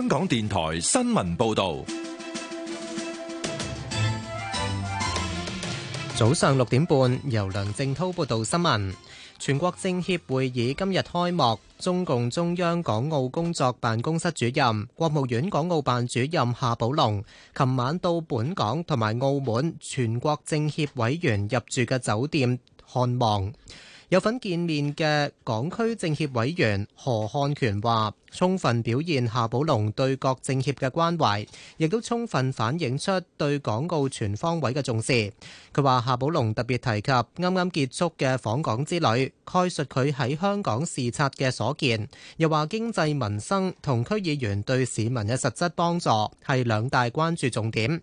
香港電台新聞報道，早上六點半由梁正濤報道新聞。全國政協會議今日開幕，中共中央港澳工作辦公室主任、國務院港澳辦主任夏寶龍琴晚到本港同埋澳門全國政協委員入住嘅酒店看望。有份見面嘅港區政協委員何漢權話：充分表現夏寶龍對各政協嘅關懷，亦都充分反映出對港澳全方位嘅重視。佢話夏寶龍特別提及啱啱結束嘅訪港之旅，概述佢喺香港視察嘅所見，又話經濟民生同區議員對市民嘅實質幫助係兩大關注重點。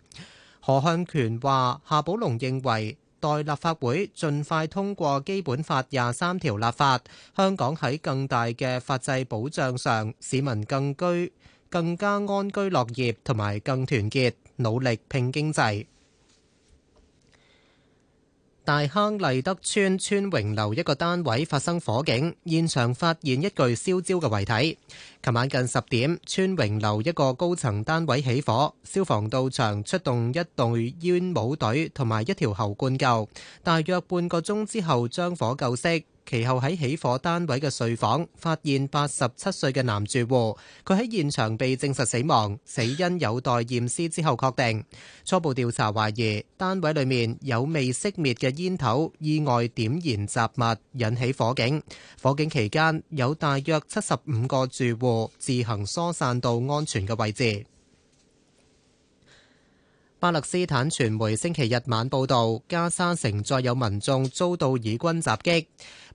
何漢權話夏寶龍認為，待立法會盡快通過基本法廿三條立法，香港喺更大嘅法制保障上，市民更居更加安居樂業，同埋更團結，努力拼經濟。大坑勵德邨邨榮樓一個單位發生火警，現場發現一具燒焦嘅遺體。琴晚近十點，邨榮樓一個高層單位起火，消防到場出動一隊煙帽隊同埋一條喉灌救，大約半個鐘之後將火救熄。其後喺起火單位嘅睡房發現八十七歲嘅男住戶，佢喺現場被證實死亡，死因有待驗屍之後確定。初步調查懷疑單位裏面有未熄滅嘅煙頭意外點燃雜物引起火警，火警期間有大約七十五個住戶自行疏散到安全嘅位置。巴勒斯坦傳媒星期日晚報導，加沙城再有民眾遭到以軍襲擊。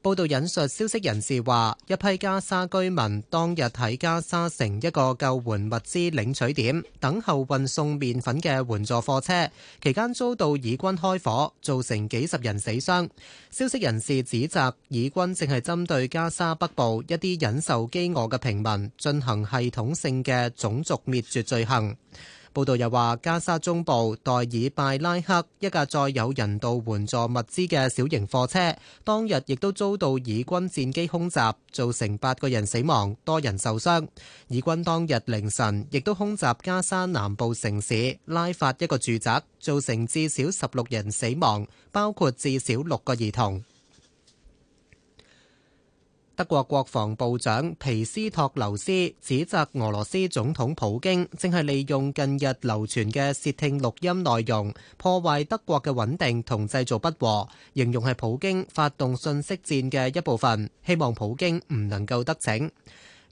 報導引述消息人士話，一批加沙居民當日喺加沙城一個救援物資領取點等候運送麵粉嘅援助貨車，期間遭到以軍開火，造成幾十人死傷。消息人士指責以軍正係針對加沙北部一啲忍受饑餓嘅平民進行系統性嘅種族滅絕罪行。報道又話，加沙中部代爾拜拉克一架載有人道援助物資嘅小型貨車，當日亦都遭到以軍戰機空襲，造成八個人死亡，多人受傷。以軍當日凌晨亦都空襲加沙南部城市拉法一個住宅，造成至少十六人死亡，包括至少六個兒童。德國國防部長皮斯托留斯指責俄羅斯總統普京正係利用近日流傳嘅竊聽錄音內容破壞德國嘅穩定同製造不和，形容係普京發動信息戰嘅一部分，希望普京唔能夠得逞。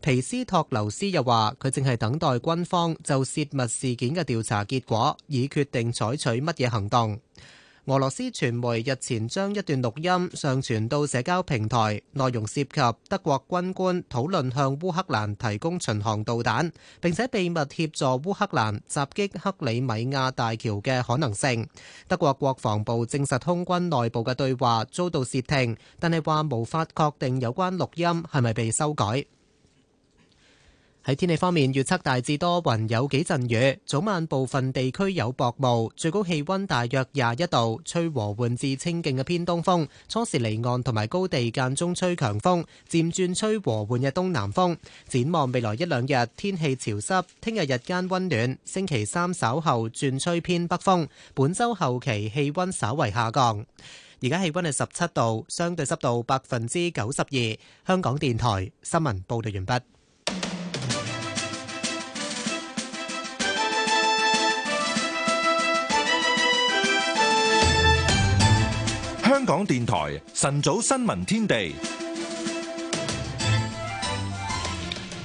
皮斯托留斯又話佢正係等待軍方就泄密事件嘅調查結果，以決定採取乜嘢行動。俄羅斯傳媒日前將一段錄音上傳到社交平台，內容涉及德國軍官討論向烏克蘭提供巡航導彈，並且秘密協助烏克蘭襲擊克里米亞大橋嘅可能性。德國國防部證實空軍內部嘅對話遭到竊聽，但係話無法確定有關錄音係咪被修改。喺天氣方面，預測大致多雲，有幾陣雨。早晚部分地區有薄霧，最高氣溫大約廿一度，吹和緩至清勁嘅偏東風。初時離岸同埋高地間中吹強風，漸轉吹和緩嘅東南風。展望未來一兩日，天氣潮濕。聽日日間温暖，星期三稍後轉吹偏北風。本周後期氣溫稍為下降。而家氣溫係十七度，相對濕度百分之九十二。香港電台新聞報道完畢。香港電台晨早新聞天地。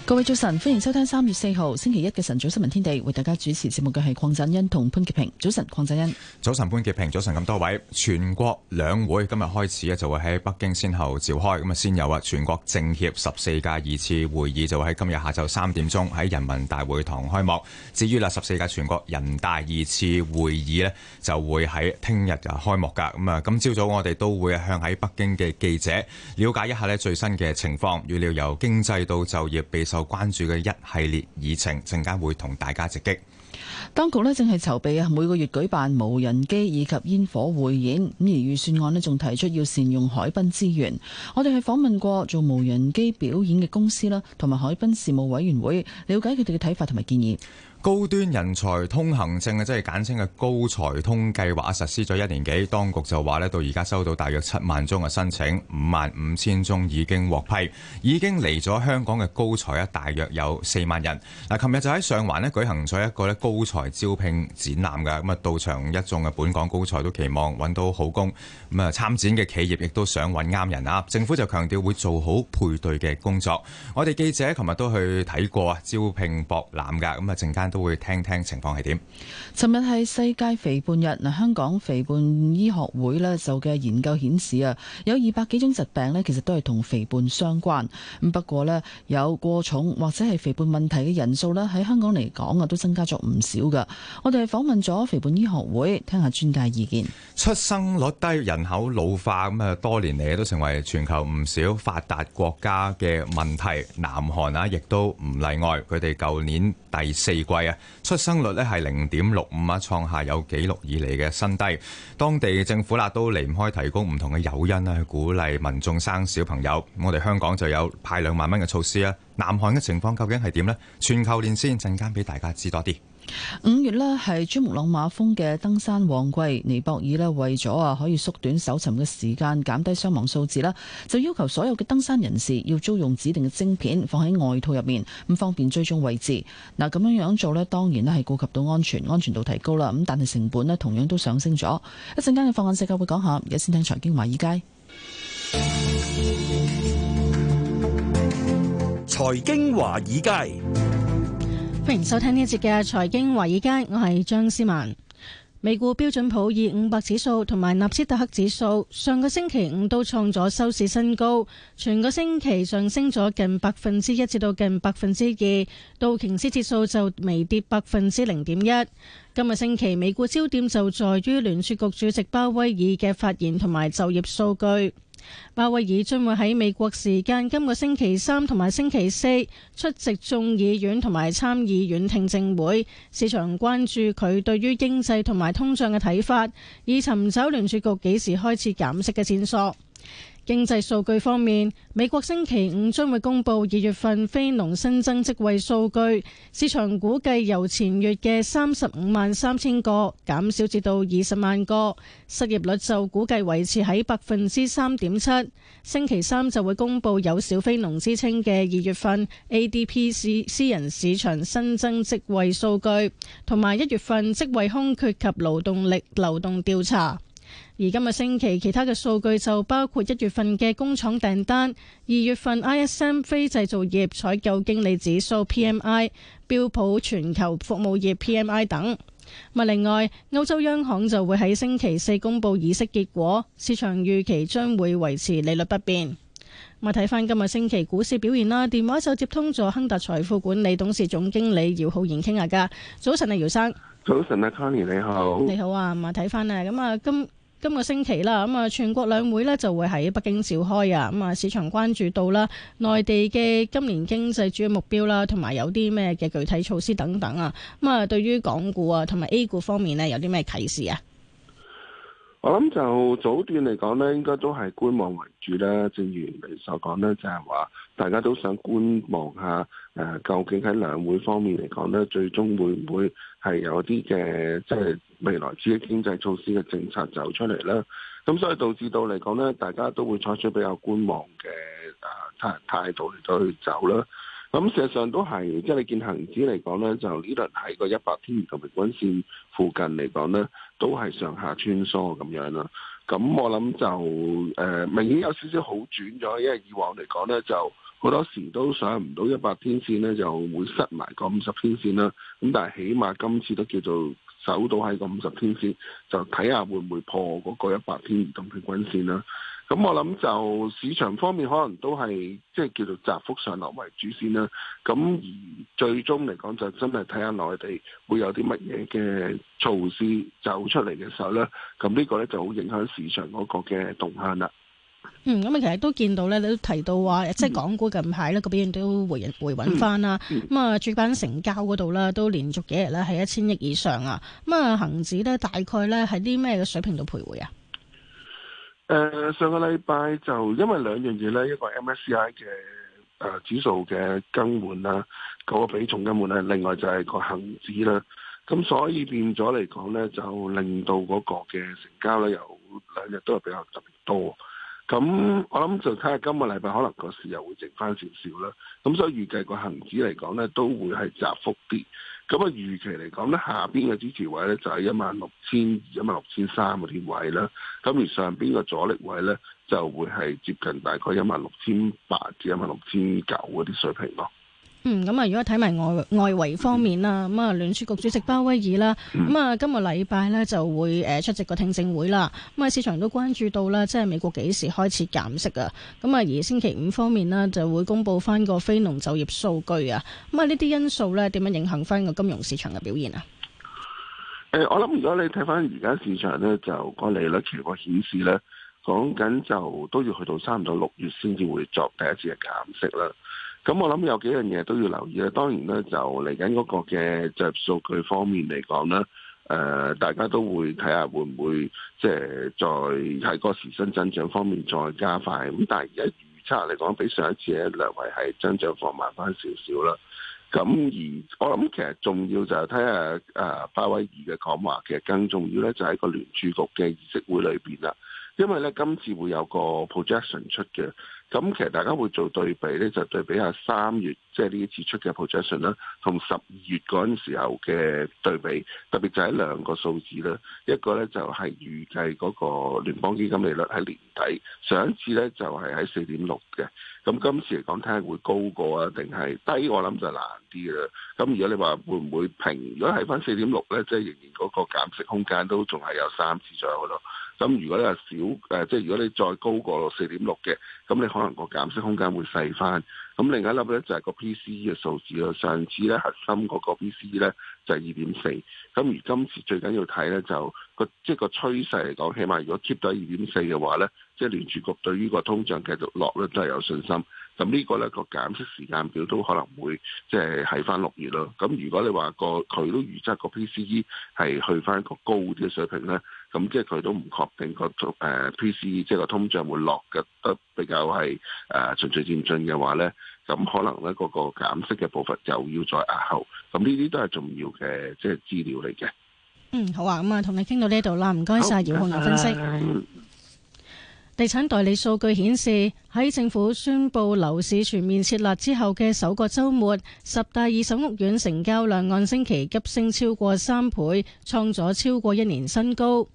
各位早晨，歡迎收聽三月四號星期一嘅晨早新聞天地，為大家主持節目嘅係鄺振欣同潘潔平。早晨，鄺振欣。早晨，潘潔平。早晨，咁多位。全國兩會今日開始咧，就會喺北京先後召開。咁啊，先有啊，全國政協十四屆二次會議就喺今日下晝三點鐘喺人民大會堂開幕。至於啦，十四屆全國人大二次會議咧，就會喺聽日就開幕噶。咁啊，咁朝早我哋都會向喺北京嘅記者了解一下咧最新嘅情況。預料由經濟到就業被。關注嘅一系列議程，陣間會同大家直擊。當局咧正係籌備啊每個月舉辦無人機以及煙火匯演，咁而預算案咧仲提出要善用海濱資源。我哋係訪問過做無人機表演嘅公司啦，同埋海濱事務委員會，了解佢哋嘅睇法同埋建議。高端人才通行證啊，即係簡稱嘅高才通計劃啊，實施咗一年幾，當局就話咧，到而家收到大約七萬宗嘅申請，五萬五千宗已經獲批，已經嚟咗香港嘅高才啊，大約有四萬人。嗱，琴日就喺上環咧舉行咗一個咧高才招聘展覽嘅，咁啊到場一眾嘅本港高才都期望揾到好工，咁啊參展嘅企業亦都想揾啱人啊。政府就強調會做好配對嘅工作。我哋記者琴日都去睇過招聘博覽嘅，咁啊陣間。都會聽聽情況係點。尋日係世界肥胖日嗱，香港肥胖醫學會咧就嘅研究顯示啊，有二百幾種疾病咧，其實都係同肥胖相關。咁不過咧，有過重或者係肥胖問題嘅人數咧，喺香港嚟講啊，都增加咗唔少㗎。我哋係訪問咗肥胖醫學會，聽下專家意見。出生率低、人口老化咁啊，多年嚟都成為全球唔少發達國家嘅問題。南韓啊，亦都唔例外。佢哋舊年第四季。出生率咧係零點六五啊，創下有紀錄以嚟嘅新低。當地政府啦都離唔開提供唔同嘅誘因去鼓勵民衆生小朋友。我哋香港就有派兩萬蚊嘅措施。南韓嘅情況究竟係點呢？全球連線陣間俾大家知多啲。五月咧，係珠穆朗瑪峰嘅登山旺季尼爾，尼泊爾咧，為咗啊可以縮短搜尋嘅時間，減低傷亡數字啦，就要求所有嘅登山人士要租用指定嘅晶片放喺外套入面，咁方便追蹤位置。嗱咁樣樣做咧，當然咧係顧及到安全，安全度提高啦。咁但係成本咧同樣都上升咗。一陣間嘅放眼世界會講下，而家先聽財經華爾街。財經華爾街。歡迎收聽呢一節嘅財經華爾街，我係張思曼。美股標準普爾五百指數同埋納斯達克指數上個星期五都創咗收市新高，全個星期上升咗近百分之一至到近百分之二，道瓊斯指數就微跌百分之零點一。今個星期，美股焦點就在於聯儲局主席鮑威爾嘅發言同埋就業數據。鮑威爾將會喺美國時間今個星期三同埋星期四出席眾議院同埋參議院聽證會，市場關注佢對於經濟同埋通脹嘅睇法，以尋找聯儲局幾時開始減息嘅線索。經濟數據方面，美國星期五將會公布二月份非農新增職位數據，市場估計由前月嘅三十五萬三千個減少至到二十萬個，失業率就估計維持喺百分之三點七。星期三就會公布有小非農之稱嘅二月份 ADP 私私人市場新增職位數據，同埋一月份職位空缺及勞動力流動調查。而今日星期，其他嘅數據就包括一月份嘅工廠訂單、二月份 ISM 非製造業採購經理指數 （PMI）、標普全球服務業 PMI 等。咁啊，另外歐洲央行就會喺星期四公佈議息結果，市場預期將會維持利率不變。咁啊，睇翻今日星期股市表現啦。電話就接通咗亨達財富管理董事總經理姚浩然傾下㗎。早晨啊，姚生。早晨啊，Connie 你好。你好啊，唔係，睇翻啊，咁啊，今。今個星期啦，咁啊全國兩會呢就會喺北京召開啊，咁啊市場關注到啦，內地嘅今年經濟主要目標啦，同埋有啲咩嘅具體措施等等啊，咁啊對於港股啊同埋 A 股方面呢有啲咩啟示啊？我諗就早段嚟講呢，應該都係觀望為主啦。正如你所講呢，就係話大家都想觀望下，誒究竟喺兩會方面嚟講呢，最終會唔會係有啲嘅即係？未來刺激經濟措施嘅政策走出嚟啦，咁所以導致到嚟講咧，大家都會採取比較觀望嘅啊態態度嚟再去走啦。咁事實上都係，即、就、係、是、你見恒指嚟講咧，就呢輪喺個一百天移動平均線附近嚟講咧，都係上下穿梭咁樣啦。咁我諗就誒、呃、明顯有少少好轉咗，因為以往嚟講咧，就好多時都上唔到一百天線咧，就會塞埋個五十天線啦。咁但係起碼今次都叫做。走到喺個五十天線，就睇下會唔會破嗰個一百天移動平均線啦。咁我諗就市場方面可能都係即係叫做窄幅上落為主先啦。咁而最終嚟講就真係睇下內地會有啲乜嘢嘅措施走出嚟嘅時候咧，咁呢個咧就好影響市場嗰個嘅動向啦。嗯，咁啊，其實都見到咧，你都提到話，即係港股近排咧個表現都回回穩翻啦。咁啊、嗯嗯，主板成交嗰度啦，都連續幾日咧係一千億以上啊。咁啊，恒指咧大概咧喺啲咩嘅水平度徘徊啊？誒、呃，上個禮拜就因為兩樣嘢咧，一個 MSCI 嘅誒、呃、指數嘅更換啦，嗰、那個比重更換咧，另外就係個恒指啦。咁所以變咗嚟講咧，就令到嗰個嘅成交咧有兩日都係比較特別多。咁我諗就睇下今個禮拜可能個市又會剩翻少少啦。咁所以預計個恆指嚟講咧，都會係窄幅啲。咁啊預期嚟講咧，下邊嘅支持位咧就係一萬六千、一萬六千三嗰啲位啦。咁而上邊嘅阻力位咧就會係接近大概一萬六千八至一萬六千九嗰啲水平咯。嗯，咁啊，如果睇埋外外圍方面啦，咁、嗯、啊，聯儲局主席鮑威爾啦，咁啊，今日禮拜呢就會誒出席個聽證會啦。咁啊，市場都關注到啦，即係美國幾時開始減息啊？咁啊，而星期五方面呢，就會公佈翻個非農就業數據啊。咁啊，呢啲因素呢，點樣影響翻個金融市場嘅表現啊？誒、呃，我諗如果你睇翻而家市場呢，就其他個利率期貨顯示呢，講緊就都要去到三到六月先至會作第一次嘅減息啦。咁我諗有幾樣嘢都要留意咧，當然咧就嚟緊嗰個嘅就數據方面嚟講咧，誒、呃、大家都會睇下會唔會即係再喺個時薪增長方面再加快，咁但係而家預測嚟講，比上一次咧略為係增長放慢翻少少啦。咁而我諗其實重要就係睇下誒鮑威爾嘅講話，其實更重要咧就係、是、個聯儲局嘅議息會裏面啦，因為咧今次會有個 projection 出嘅。咁其實大家會做對比咧，就對比下三月即係呢一次出嘅 projection 啦，同十二月嗰陣時候嘅對比，特別就係兩個數字啦。一個咧就係預計嗰個聯邦基金利率喺年底上一次咧就係喺四點六嘅，咁今次嚟講睇下會高過啊，定係低？我諗就難啲啦。咁如果你話會唔會平？如果係翻四點六咧，即係仍然嗰個減息空間都仲係有三次左右咯。咁如果你係少，即係如果你再高過四點六嘅，咁你可能個減息空間會細翻。咁另一粒咧就係個 PCE 嘅數字咯。上次咧核心嗰個 PCE 咧就係二點四。咁而今次最緊要睇咧就即係個趨勢嚟講，起碼如果 keep 到二點四嘅話咧，即係聯儲局對於個通脹繼續落咧都係有信心。咁呢個咧個減息時間表都可能會即係喺翻六月咯。咁如果你話個佢都預測個 PCE 係去翻一個高啲嘅水平咧？咁即係佢都唔確定個誒 P C 即係個通脹會落嘅，得比較係誒循序漸進嘅話咧，咁可能咧個個減息嘅步伐就要再押後。咁呢啲都係重要嘅即係資料嚟嘅。嗯，好啊，咁、嗯、啊，同你傾到呢度啦，唔該晒，好姚浩南分析。嗯。地產代理數據顯示，喺政府宣布樓市全面設立之後嘅首個周末，十大二手屋苑成交量按星期急升超過三倍，創咗超過一年新高。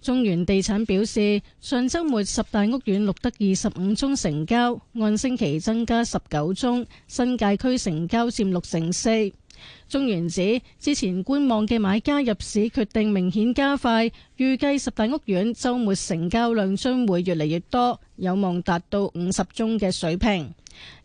中原地產表示，上周末十大屋苑錄得二十五宗成交，按星期增加十九宗，新界區成交佔六成四。中原指，之前觀望嘅買家入市決定明顯加快，預計十大屋苑周末成交量將會越嚟越多，有望達到五十宗嘅水平。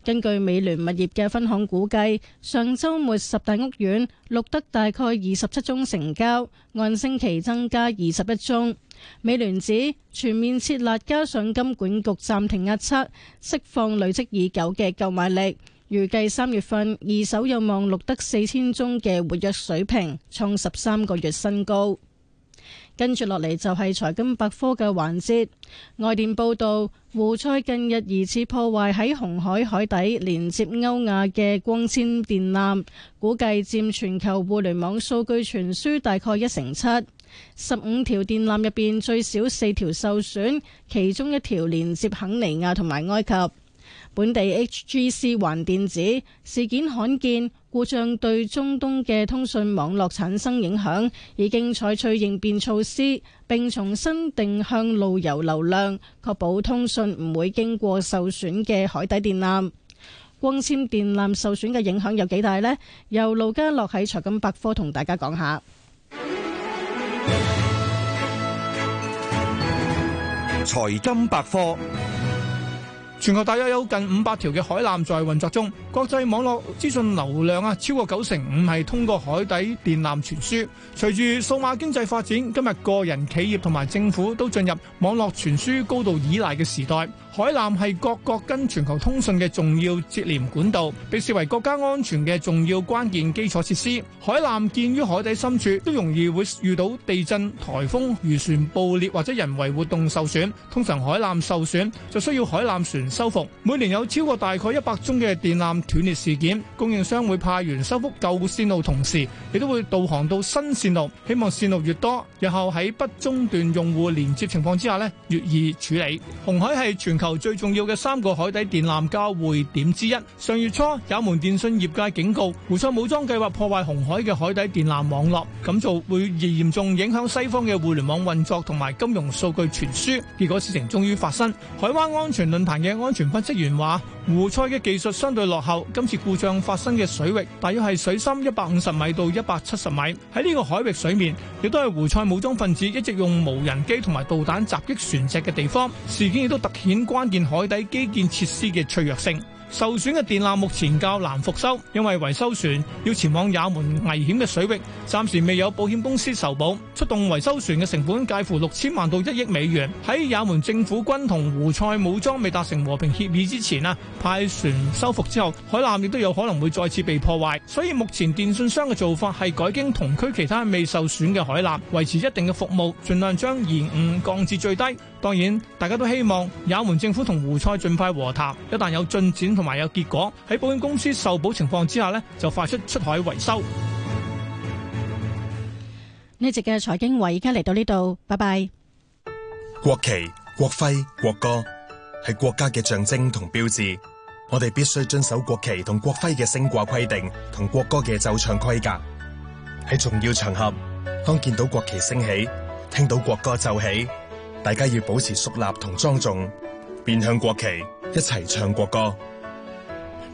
根據美聯物業嘅分行估計，上周末十大屋苑錄得大概二十七宗成交，按星期增加二十一宗。美聯指全面設立加上金管局暫停壓測，釋放累積已久嘅購買力。預計三月份二手有望錄得四千宗嘅活躍水平，創十三個月新高。跟住落嚟就係財經百科嘅環節。外電報道，胡塞近日疑似破壞喺紅海海底連接歐亞嘅光纖電纜，估計佔全球互聯網數據傳輸大概一成七。十五條電纜入邊，最少四條受損，其中一條連接肯尼亞同埋埃及。本地 HGC 環電子事件罕見故障，對中東嘅通訊網絡產生影響，已經採取應變措施，並重新定向路由流量，確保通訊唔會經過受損嘅海底電纜。光纖電纜受損嘅影響有幾大呢？由盧家樂喺財金百科同大家講下。財金百科。全球大約有近五百條嘅海纜在運作中，國際網絡資訊流量啊，超過九成五係通過海底電纜傳輸。隨住數碼經濟發展，今日個人、企業同埋政府都進入網絡傳輸高度依賴嘅時代。海纜係各國跟全球通訊嘅重要接連管道，被視為國家安全嘅重要關鍵基礎設施。海纜建於海底深處，都容易會遇到地震、颱風、漁船爆裂或者人為活動受損。通常海纜受損就需要海纜船修復。每年有超過大概一百宗嘅電纜斷裂事件，供應商會派員修復舊線路，同時亦都會導航到新線路，希望線路越多，日後喺不中斷用戶連接情況之下咧，越易處理。紅海係全球，最重要嘅三個海底電纜交匯點之一，上月初有門電信業界警告，胡塞武裝計劃破壞紅海嘅海底電纜網絡，咁做會嚴重影響西方嘅互聯網運作同埋金融數據傳輸。結果事情終於發生，海灣安全論壇嘅安全分析員話，胡塞嘅技術相對落後，今次故障發生嘅水域大約係水深一百五十米到一百七十米，喺呢個海域水面亦都係胡塞武裝分子一直用無人機同埋導彈襲擊船隻嘅地方。事件亦都凸顯關鍵海底基建設施嘅脆弱性。受損嘅電纜目前較難復修，因為維修船要前往也門危險嘅水域，暫時未有保險公司受保。出動維修船嘅成本介乎六千萬到一億美元。喺也門政府軍同胡塞武裝未達成和平協議之前啊，派船修復之後，海纜亦都有可能會再次被破壞。所以目前電信商嘅做法係改經同區其他未受損嘅海纜維持一定嘅服務，盡量將延誤降至最低。當然，大家都希望也門政府同胡塞盡快和談，一旦有進展。同埋有結果，喺保險公司受保情況之下呢，就快出出海維修。呢集嘅財經圍而家嚟到呢度，拜拜。國旗、國徽、國歌係國家嘅象徵同標誌，我哋必須遵守國旗同國徽嘅升掛規定，同國歌嘅奏唱規格。喺重要場合，當見到國旗升起，聽到國歌奏起，大家要保持肅立同莊重，面向國旗一齊唱國歌。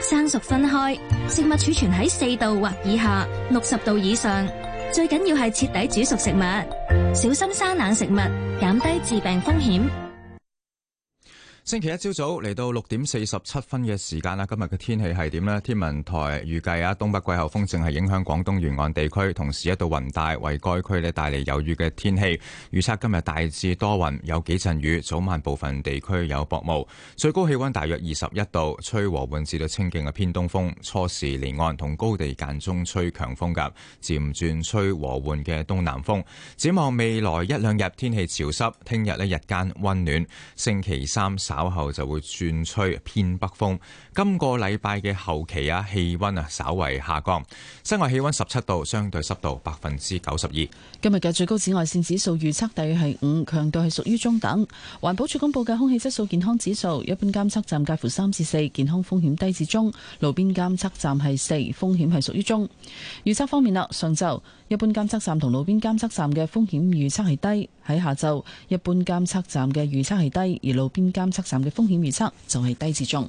生熟分開，食物儲存喺四度或以下，六十度以上，最緊要係徹底煮熟食物，小心生冷食物，減低致病風險。星期一朝早嚟到六點四十七分嘅時間啦，今日嘅天氣係點咧？天文台預計啊，東北季候風正係影響廣東沿岸地區，同時一度雲帶為該區咧帶嚟有雨嘅天氣。預測今日大致多雲，有幾陣雨，早晚部分地區有薄霧。最高氣溫大約二十一度，吹和緩至到清勁嘅偏東風，初時離岸同高地間中吹強風夾，漸轉吹和緩嘅東南風。展望未來一兩日天氣潮濕，聽日咧日間溫暖，星期三。稍後就會轉吹偏北風。今個禮拜嘅後期啊，氣溫啊，稍為下降。室外氣溫十七度，相對濕度百分之九十二。今日嘅最高紫外線指數預測大約係五，強度係屬於中等。環保署公布嘅空氣質素健康指數，一般監測站介乎三至四，健康風險低至中；路邊監測站係四，風險係屬於中。預測方面啦，上晝一般監測站同路邊監測站嘅風險預測係低；喺下晝一般監測站嘅預測係低，而路邊監測站嘅風險預測就係低至中。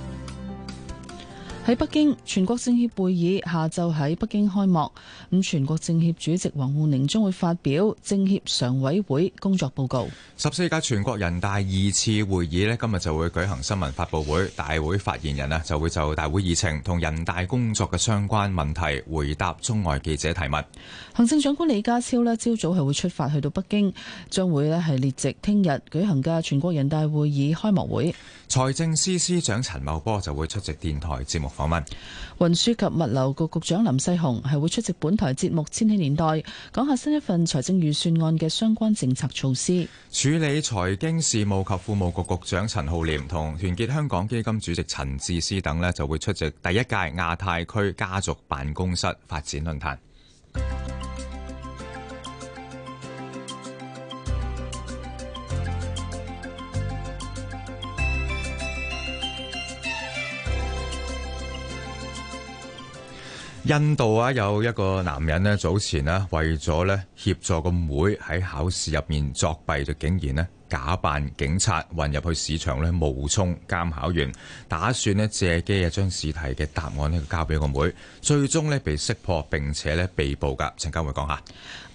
喺北京，全國政協會議下晝喺北京開幕。咁全國政協主席王滬寧將會發表政協常委會工作報告。十四屆全國人大二次會議呢，今日就會舉行新聞發布會，大會發言人呢就會就大會議程同人大工作嘅相關問題回答中外記者提問。行政長官李家超呢，朝早係會出發去到北京，將會呢係列席聽日舉行嘅全國人大會議開幕會。財政司司長陳茂波就會出席電台節目。訪問運輸及物流局局長林世雄係會出席本台節目《千禧年代》，講下新一份財政預算案嘅相關政策措施。處理財經事務及庫務局局，局長陳浩廉同團結香港基金主席陳智思等呢，就會出席第一屆亞太區家族辦公室發展論壇。印度啊，有一個男人咧，早前咧為咗咧協助個妹喺考試入面作弊，就竟然咧，假扮警察混入去市場咧，冒充監考員，打算咧借機啊將試題嘅答案咧交俾個妹，妹，最終咧被識破並,並且咧被捕噶陳家偉講下，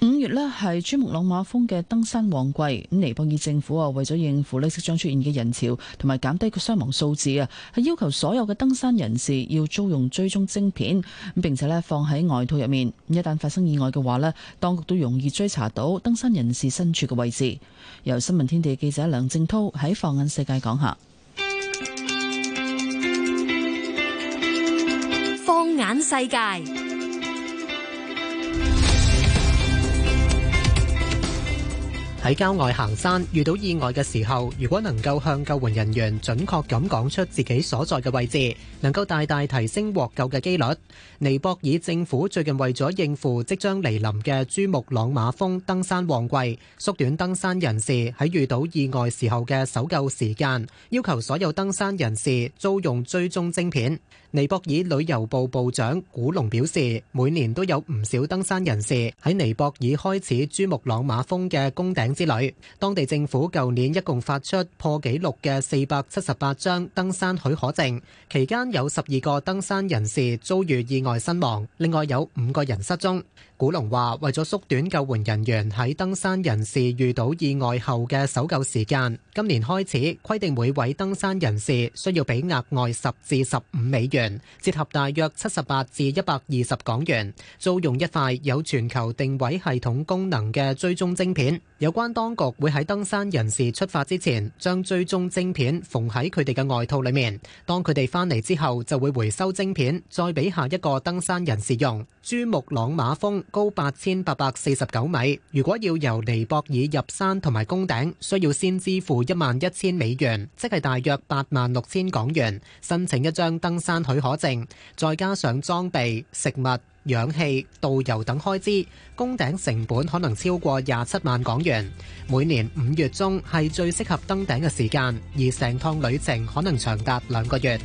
五月咧係珠穆朗瑪峰嘅登山旺季，咁尼泊爾政府啊為咗應付呢即將出現嘅人潮同埋減低個傷亡數字啊，係要求所有嘅登山人士要租用追蹤晶片咁，並且咧放喺外套入面。咁一旦發生意外嘅話咧，當局都容易追查到登山人士身處嘅位置。由新聞天。記者梁正濤喺放眼世界講下，放眼世界。喺郊外行山遇到意外嘅時候，如果能夠向救援人員準確咁講出自己所在嘅位置，能夠大大提升獲救嘅幾率。尼泊爾政府最近為咗應付即將嚟臨嘅珠穆朗瑪峰登山旺季，縮短登山人士喺遇到意外時候嘅搜救時間，要求所有登山人士租用追蹤晶片。尼泊爾旅遊部部長古龍表示，每年都有唔少登山人士喺尼泊爾開始珠穆朗瑪峰嘅攻頂之旅。當地政府舊年一共發出破紀錄嘅四百七十八張登山許可證，期間有十二個登山人士遭遇意外身亡，另外有五個人失蹤。古龍話：為咗縮短救援人員喺登山人士遇到意外後嘅搜救時間，今年開始規定每位登山人士需要俾額外十至十五美元，折合大約七十八至一百二十港元，租用一塊有全球定位系統功能嘅追蹤晶片。有關當局會喺登山人士出發之前，將追蹤晶片縫喺佢哋嘅外套裏面。當佢哋返嚟之後，就會回收晶片，再俾下一個登山人士用。珠穆朗瑪峰高八千八百四十九米。如果要由尼泊爾入山同埋攻頂，需要先支付一萬一千美元，即係大約八萬六千港元，申請一張登山許可證，再加上裝備食物。氧氣、導遊等開支，攻頂成本可能超過廿七萬港元。每年五月中係最適合登頂嘅時間，而成趟旅程可能長達兩個月。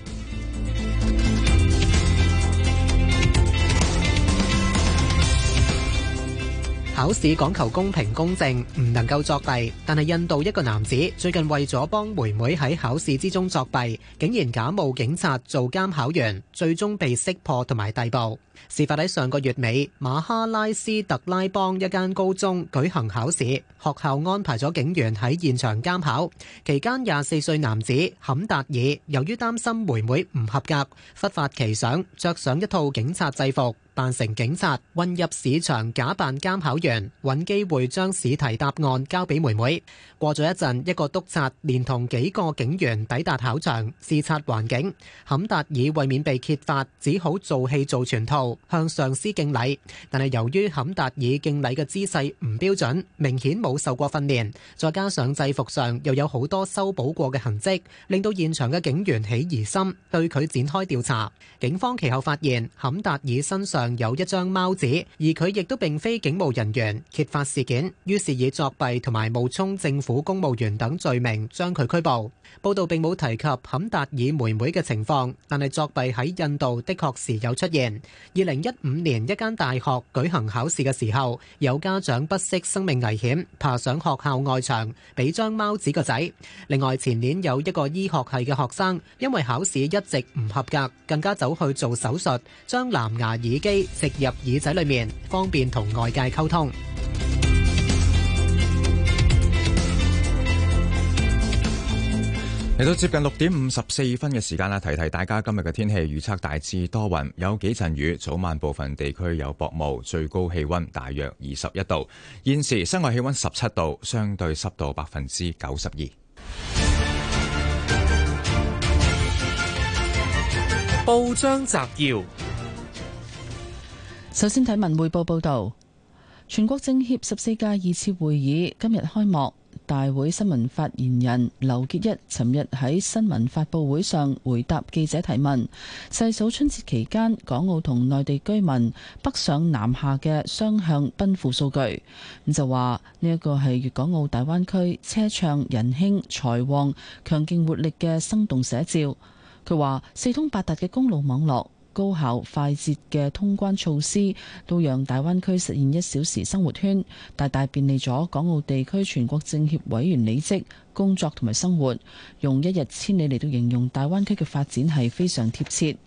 考試講求公平公正，唔能夠作弊。但係印度一個男子最近為咗幫妹妹喺考試之中作弊，竟然假冒警察做監考員，最終被識破同埋逮捕。事發喺上個月尾，馬哈拉斯特拉邦一間高中舉行考試，學校安排咗警員喺現場監考。期間廿四歲男子坎達爾，由於擔心妹妹唔合格，忽發奇想，着上一套警察制服。扮成警察混入市場，假扮監考員，揾機會將試題答案交俾妹妹。過咗一陣，一個督察連同幾個警員抵達考場，視察環境。坎達爾為免被揭發，只好做戲做全套，向上司敬禮。但係由於坎達爾敬禮嘅姿勢唔標準，明顯冇受過訓練，再加上制服上又有好多修補過嘅痕迹，令到現場嘅警員起疑心，對佢展開調查。警方其後發現坎達爾身上有一張貓紙，而佢亦都並非警務人員，揭發事件，於是以作弊同埋冒充政府。補公務員等罪名，將佢拘捕。報道並冇提及坎達爾妹妹嘅情況，但係作弊喺印度的確時有出現。二零一五年，一間大學舉行考試嘅時候，有家長不惜生命危險爬上學校外牆，俾張貓紙個仔。另外，前年有一個醫學系嘅學生，因為考試一直唔合格，更加走去做手術，將藍牙耳機植入耳仔裏面，方便同外界溝通。嚟到接近六點五十四分嘅時間啦，提提大家今日嘅天氣預測，大致多雲，有幾陣雨，早晚部分地區有薄霧，最高氣溫大約二十一度。現時室外氣溫十七度，相對濕度百分之九十二。報章摘要：首先睇文匯報報道，全國政協十四屆二次會議今日開幕。大會新聞發言人劉結一尋日喺新聞發布會上回答記者提問，細數春節期間港澳同內地居民北上南下嘅雙向奔赴數據，咁就話呢一個係粵港澳大灣區車暢人興財旺強勁活力嘅生動寫照。佢話四通八達嘅公路網絡。高效快捷嘅通關措施，都讓大灣區實現一小時生活圈，大大便利咗港澳地區全國政協委員履職工作同埋生活。用一日千里嚟到形容大灣區嘅發展，係非常貼切。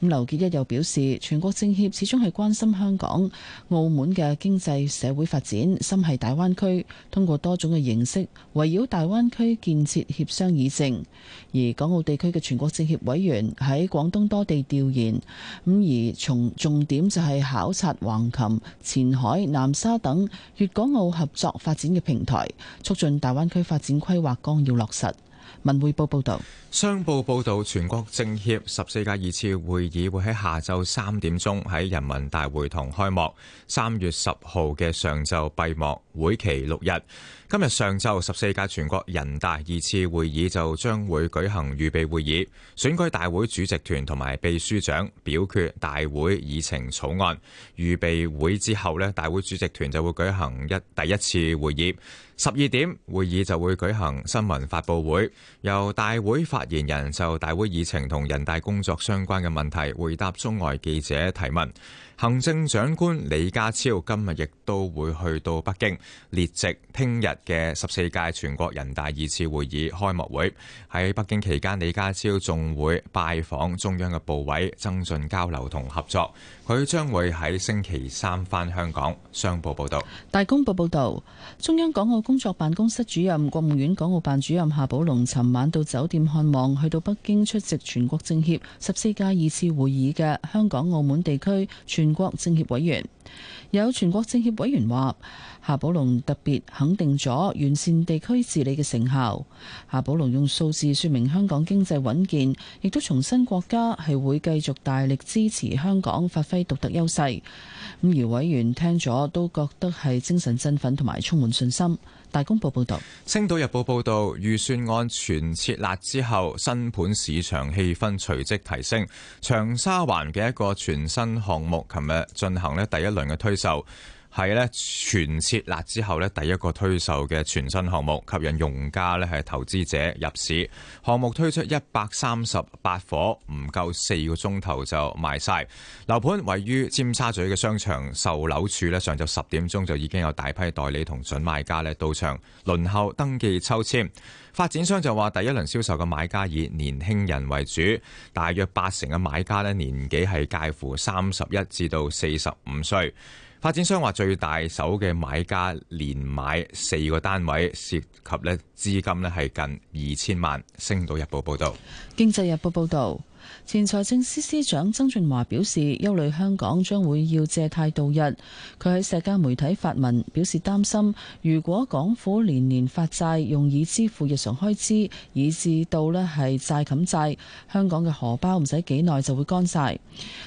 咁劉杰一又表示，全國政協始終係關心香港、澳門嘅經濟社會發展，心係大灣區，通過多種嘅形式，圍繞大灣區建設協商議政。而港澳地區嘅全國政協委員喺廣東多地調研，咁而從重點就係考察橫琴、前海、南沙等粵港澳合作發展嘅平台，促進大灣區發展規劃綱要落實。文匯報報道，商報報道，全國政協十四屆二次會議會喺下晝三點鐘喺人民大會堂開幕，三月十號嘅上晝閉幕，會期六日。今日上晝十四屆全國人大二次會議就將會舉行預備會議，選舉大會主席團同埋秘書長，表決大會議程草案。預備會之後呢，大會主席團就會舉行一第一次會議。十二點會議就會舉行新聞發佈會，由大會發言人就大會議程同人大工作相關嘅問題回答中外記者提問。行政長官李家超今日亦都會去到北京列席聽日嘅十四屆全國人大二次會議開幕會。喺北京期間，李家超仲會拜訪中央嘅部委，增進交流同合作。佢將會喺星期三返香港。商報報道，大公報報道，中央港澳工作辦公室主任、國務院港澳辦主任夏寶龍尋晚到酒店看望，去到北京出席全國政協十四屆二次會議嘅香港澳門地區全。全國政協委員，有全國政協委員話，夏寶龍特別肯定咗完善地區治理嘅成效。夏寶龍用數字說明香港經濟穩健，亦都重申國家係會繼續大力支持香港發揮獨特優勢。咁而委員聽咗都覺得係精神振奮同埋充滿信心。大公報報道，《星島日報》報道，預算案全設立之後，新盤市場氣氛隨即提升。長沙灣嘅一個全新項目，琴日進行第一輪嘅推售。係咧，全設立之後咧，第一個推售嘅全新項目吸引用家咧、係投資者入市。項目推出一百三十八伙，唔夠四個鐘頭就賣晒。樓盤位於尖沙咀嘅商場售樓處咧，上晝十點鐘就已經有大批代理同準買家咧，到場輪候登記抽籤。發展商就話，第一輪銷售嘅買家以年輕人為主，大約八成嘅買家咧，年紀係介乎三十一至到四十五歲。發展商話，最大手嘅買家連買四個單位，涉及咧資金咧係近二千萬。《星島日報》報道。《經濟日報》報道。前財政司司長曾俊華表示憂慮，香港將會要借貸度日。佢喺社交媒體發文表示擔心，如果港府年年發債用以支付日常開支，以至到咧係債冚債，香港嘅荷包唔使幾耐就會乾晒。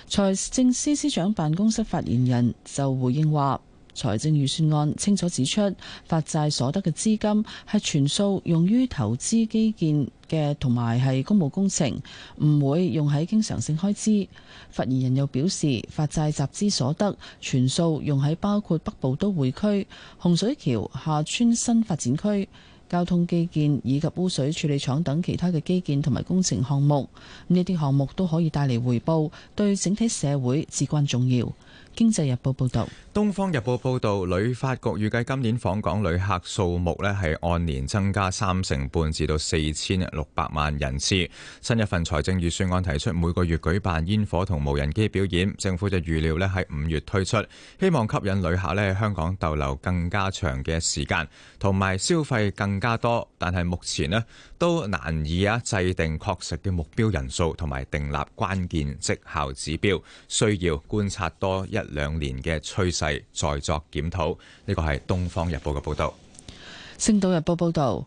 財政司司長辦公室發言人就回應話。財政預算案清楚指出，發債所得嘅資金係全數用於投資基建嘅同埋係公務工程，唔會用喺經常性開支。發言人又表示，發債集資所得全數用喺包括北部都會區、洪水橋廈村新發展區、交通基建以及污水處理廠等其他嘅基建同埋工程項目。呢啲項目都可以帶嚟回報，對整體社會至關重要。經濟日報報道，東方日報報道，旅發局預計今年訪港旅客數目咧係按年增加三成半至到四千六百萬人次。新一份財政預算案提出每個月舉辦煙火同無人機表演，政府就預料咧喺五月推出，希望吸引旅客咧喺香港逗留更加長嘅時間，同埋消費更加多。但係目前呢都難以啊制定確實嘅目標人數，同埋訂立關鍵績效指標，需要觀察多一。兩年嘅趨勢再作檢討，呢個係《東方日報》嘅報道。《星島日報》報道，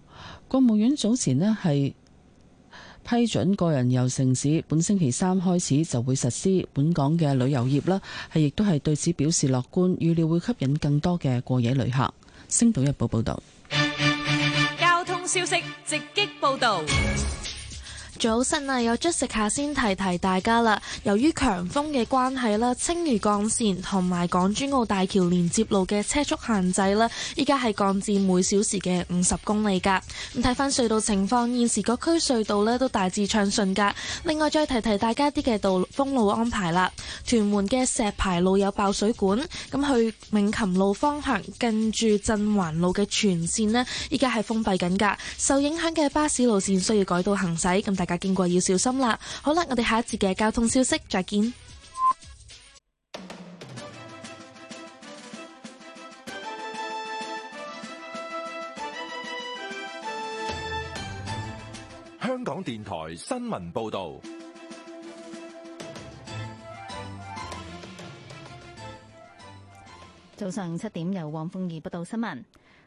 國務院早前咧係批准個人遊城市，本星期三開始就會實施。本港嘅旅遊業啦，係亦都係對此表示樂觀，預料會吸引更多嘅過夜旅客。《星島日報》報道。交通消息直擊報道。早晨啊，有足食下先提提大家啦。由於強風嘅關係啦，青嶼幹線同埋港珠澳大橋連接路嘅車速限制啦，依家係降至每小時嘅五十公里噶。咁睇翻隧道情況，現時各區隧道咧都大致暢順噶。另外再提提大家啲嘅道路封路安排啦。屯門嘅石牌路有爆水管，咁去鳴琴路方向近住震寰路嘅全線咧，依家係封閉緊噶。受影響嘅巴士路線需要改道行駛。咁。大家經過要小心啦！好啦，我哋下一節嘅交通消息，再見。香港電台新聞報導，早上七點由黃鳳儀報道新聞。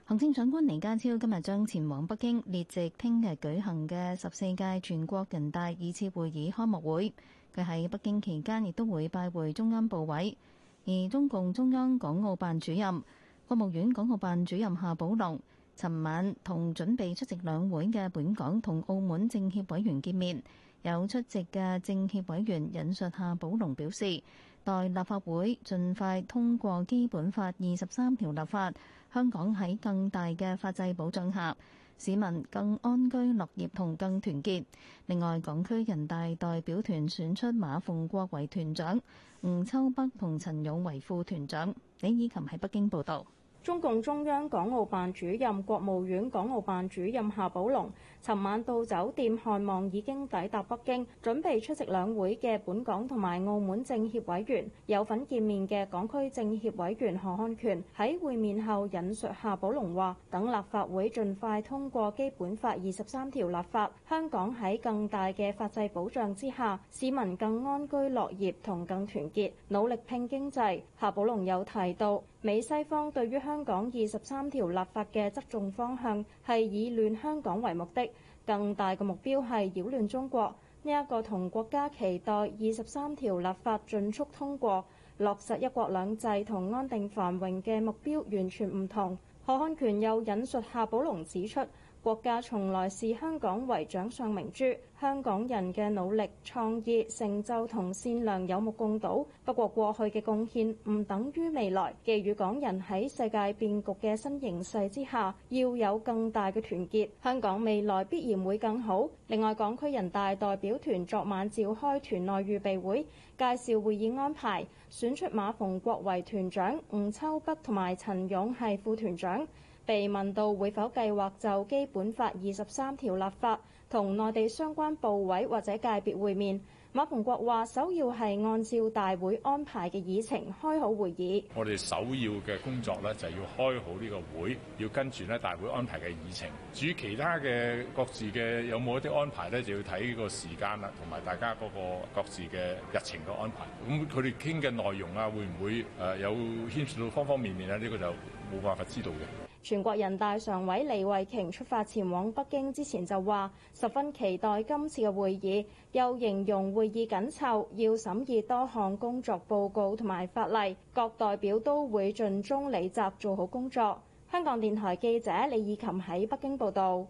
行政長官李家超今日將前往北京，列席聽日舉行嘅十四屆全國人大二次會議開幕會。佢喺北京期間亦都會拜會中央部委。而中共中央港澳辦主任、國務院港澳辦主任夏寶龍，尋晚同準備出席兩會嘅本港同澳門政協委員見面。有出席嘅政協委員引述夏寶龍表示，待立法會盡快通過《基本法》二十三條立法。香港喺更大嘅法制保障下，市民更安居樂業同更團結，另外，港區人大代表團選出馬逢國為團長，吳秋北同陳勇為副團長，李以琴喺北京報道。中共中央港澳辦主任、國務院港澳辦主任夏寶龍尋晚到酒店看望已經抵達北京、準備出席兩會嘅本港同埋澳門政協委員，有份見面嘅港區政協委員何漢權喺會面後引述夏寶龍話，等立法會盡快通過基本法二十三條立法，香港喺更大嘅法制保障之下，市民更安居樂業同更團結，努力拼經濟。夏寶龍有提到。美西方對於香港二十三條立法嘅側重方向係以亂香港為目的，更大嘅目標係擾亂中國。呢、這、一個同國家期待二十三條立法迅速通過，落實一國兩制同安定繁榮嘅目標完全唔同。何漢權又引述夏寶龍指出。國家從來視香港為掌上明珠，香港人嘅努力、創意、成就同善良有目共睹。不過過去嘅貢獻唔等於未來，寄語港人喺世界變局嘅新形勢之下要有更大嘅團結，香港未來必然會更好。另外，港區人大代表團昨晚召開團內預備會，介紹會議安排，選出馬逢國為團長，吳秋北同埋陳勇係副團長。被問到會否計劃就基本法二十三條立法同內地相關部委或者界別會面，馬逢國話：首要係按照大會安排嘅議程開好會議。我哋首要嘅工作咧就要開好呢個會，要跟住咧大會安排嘅議程。至於其他嘅各自嘅有冇一啲安排咧，就要睇呢個時間啦，同埋大家嗰個各自嘅日程嘅安排。咁佢哋傾嘅內容啊，會唔會誒有牽涉到方方面面呢？呢個就冇辦法知道嘅。全國人大常委李慧瓊出發前往北京之前就話十分期待今次嘅會議，又形容會議緊湊，要審議多項工作報告同埋法例。各代表都會盡忠履責，做好工作。香港電台記者李以琴喺北京報道。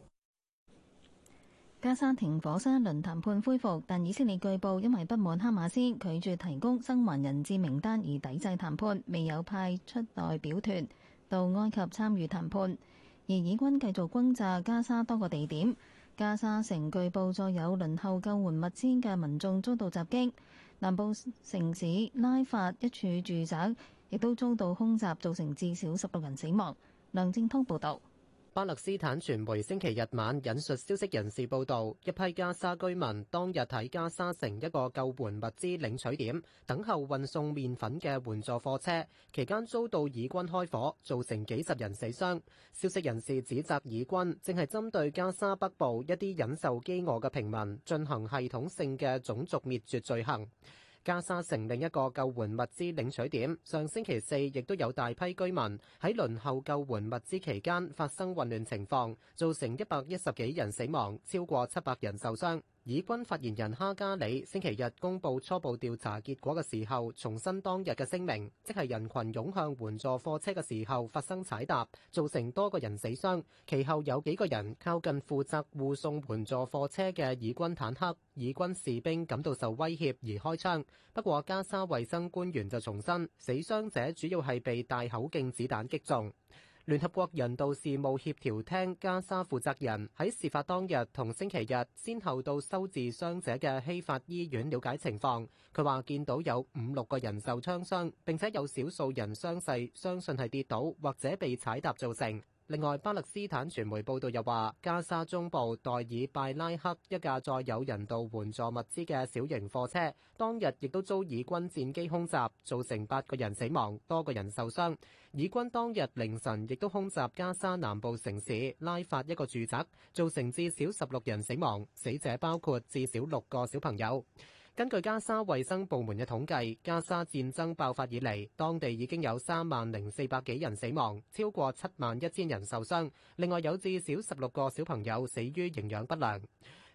加沙停火新一輪談判恢復，但以色列據報因為不滿哈馬斯拒絕提供生還人質名單而抵制談判，未有派出代表團。到埃及參與談判，而以軍繼續轟炸加沙多個地點，加沙城據報再有輪候救援物資嘅民眾遭到襲擊，南部城市拉法一處住宅亦都遭到空襲，造成至少十六人死亡。梁正通報導。巴勒斯坦傳媒星期日晚引述消息人士報導，一批加沙居民當日喺加沙城一個救援物資領取點等候運送麵粉嘅援助貨車，期間遭到以軍開火，造成幾十人死傷。消息人士指責以軍正係針對加沙北部一啲忍受饑餓嘅平民進行系統性嘅種族滅絕罪行。加沙城另一個救援物資領取點，上星期四亦都有大批居民喺輪候救援物資期間發生混亂情況，造成一百一十幾人死亡，超過七百人受傷。以軍發言人哈加里星期日公布初步調查結果嘅時候，重申當日嘅聲明，即係人群湧向援助貨車嘅時候發生踩踏，造成多個人死傷。其後有幾個人靠近負責護送援助貨車嘅以軍坦克，以軍士兵感到受威脅而開槍。不過加沙衛生官員就重申，死傷者主要係被大口徑子彈擊中。聯合國人道事務協調廳加沙負責人喺事發當日同星期日，先後到收治傷者嘅希法醫院了解情況。佢話見到有五六個人受槍傷，並且有少數人傷勢相信係跌倒或者被踩踏造成。另外，巴勒斯坦傳媒報導又話，加沙中部代爾拜拉克一架載有人道援助物資嘅小型貨車，當日亦都遭以軍戰機空襲，造成八個人死亡，多個人受傷。以軍當日凌晨亦都空襲加沙南部城市拉法一個住宅，造成至少十六人死亡，死者包括至少六個小朋友。根據加沙衛生部門嘅統計，加沙戰爭爆發以嚟，當地已經有三萬零四百幾人死亡，超過七萬一千人受傷，另外有至少十六個小朋友死於營養不良。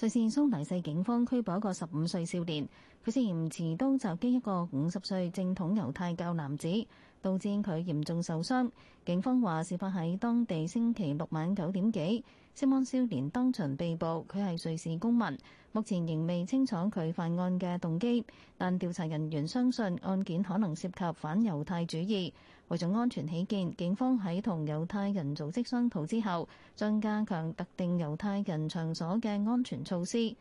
瑞士蘇黎世警方拘捕一個十五歲少年，佢涉嫌持刀襲擊一個五十歲正統猶太教男子，導致佢嚴重受傷，警方話事發喺當地星期六晚九點幾，涉案少年當場被捕，佢係瑞士公民，目前仍未清楚佢犯案嘅動機，但調查人員相信案件可能涉及反猶太主義。為咗安全起見，警方喺同猶太人組織商討之後，將加強特定猶太人場所嘅安全措施。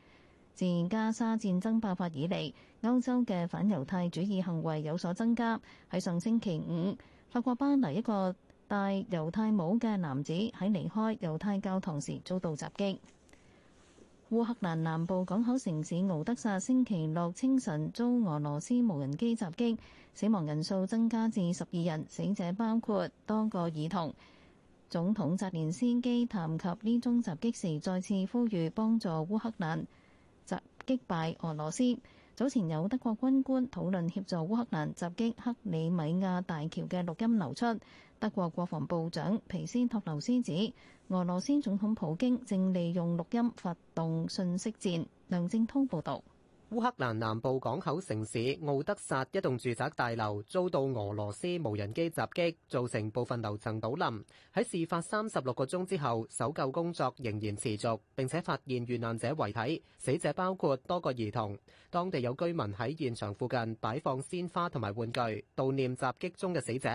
自加沙戰爭爆發以嚟，歐洲嘅反猶太主義行為有所增加。喺上星期五，法國巴黎一個戴猶太帽嘅男子喺離開猶太教堂時遭到襲擊。烏克蘭南部港口城市敖德薩星期六清晨遭俄羅斯無人機襲擊，死亡人數增加至十二人，死者包括多個兒童。總統澤連斯基談及呢宗襲擊時，再次呼籲幫助烏克蘭擊擊敗俄羅斯。早前有德國軍官討論協助烏克蘭襲擊克里米亞大橋嘅錄音流出。德國國防部長皮斯托留斯指，俄羅斯總統普京正利用錄音發動信息戰。梁正通報道，烏克蘭南部港口城市奧德薩一棟住宅大樓遭到俄羅斯無人機襲擊，造成部分樓層倒冧。喺事發三十六個鐘之後，搜救工作仍然持續，並且發現遇難者遺體，死者包括多個兒童。當地有居民喺現場附近擺放鮮花同埋玩具，悼念襲擊中嘅死者。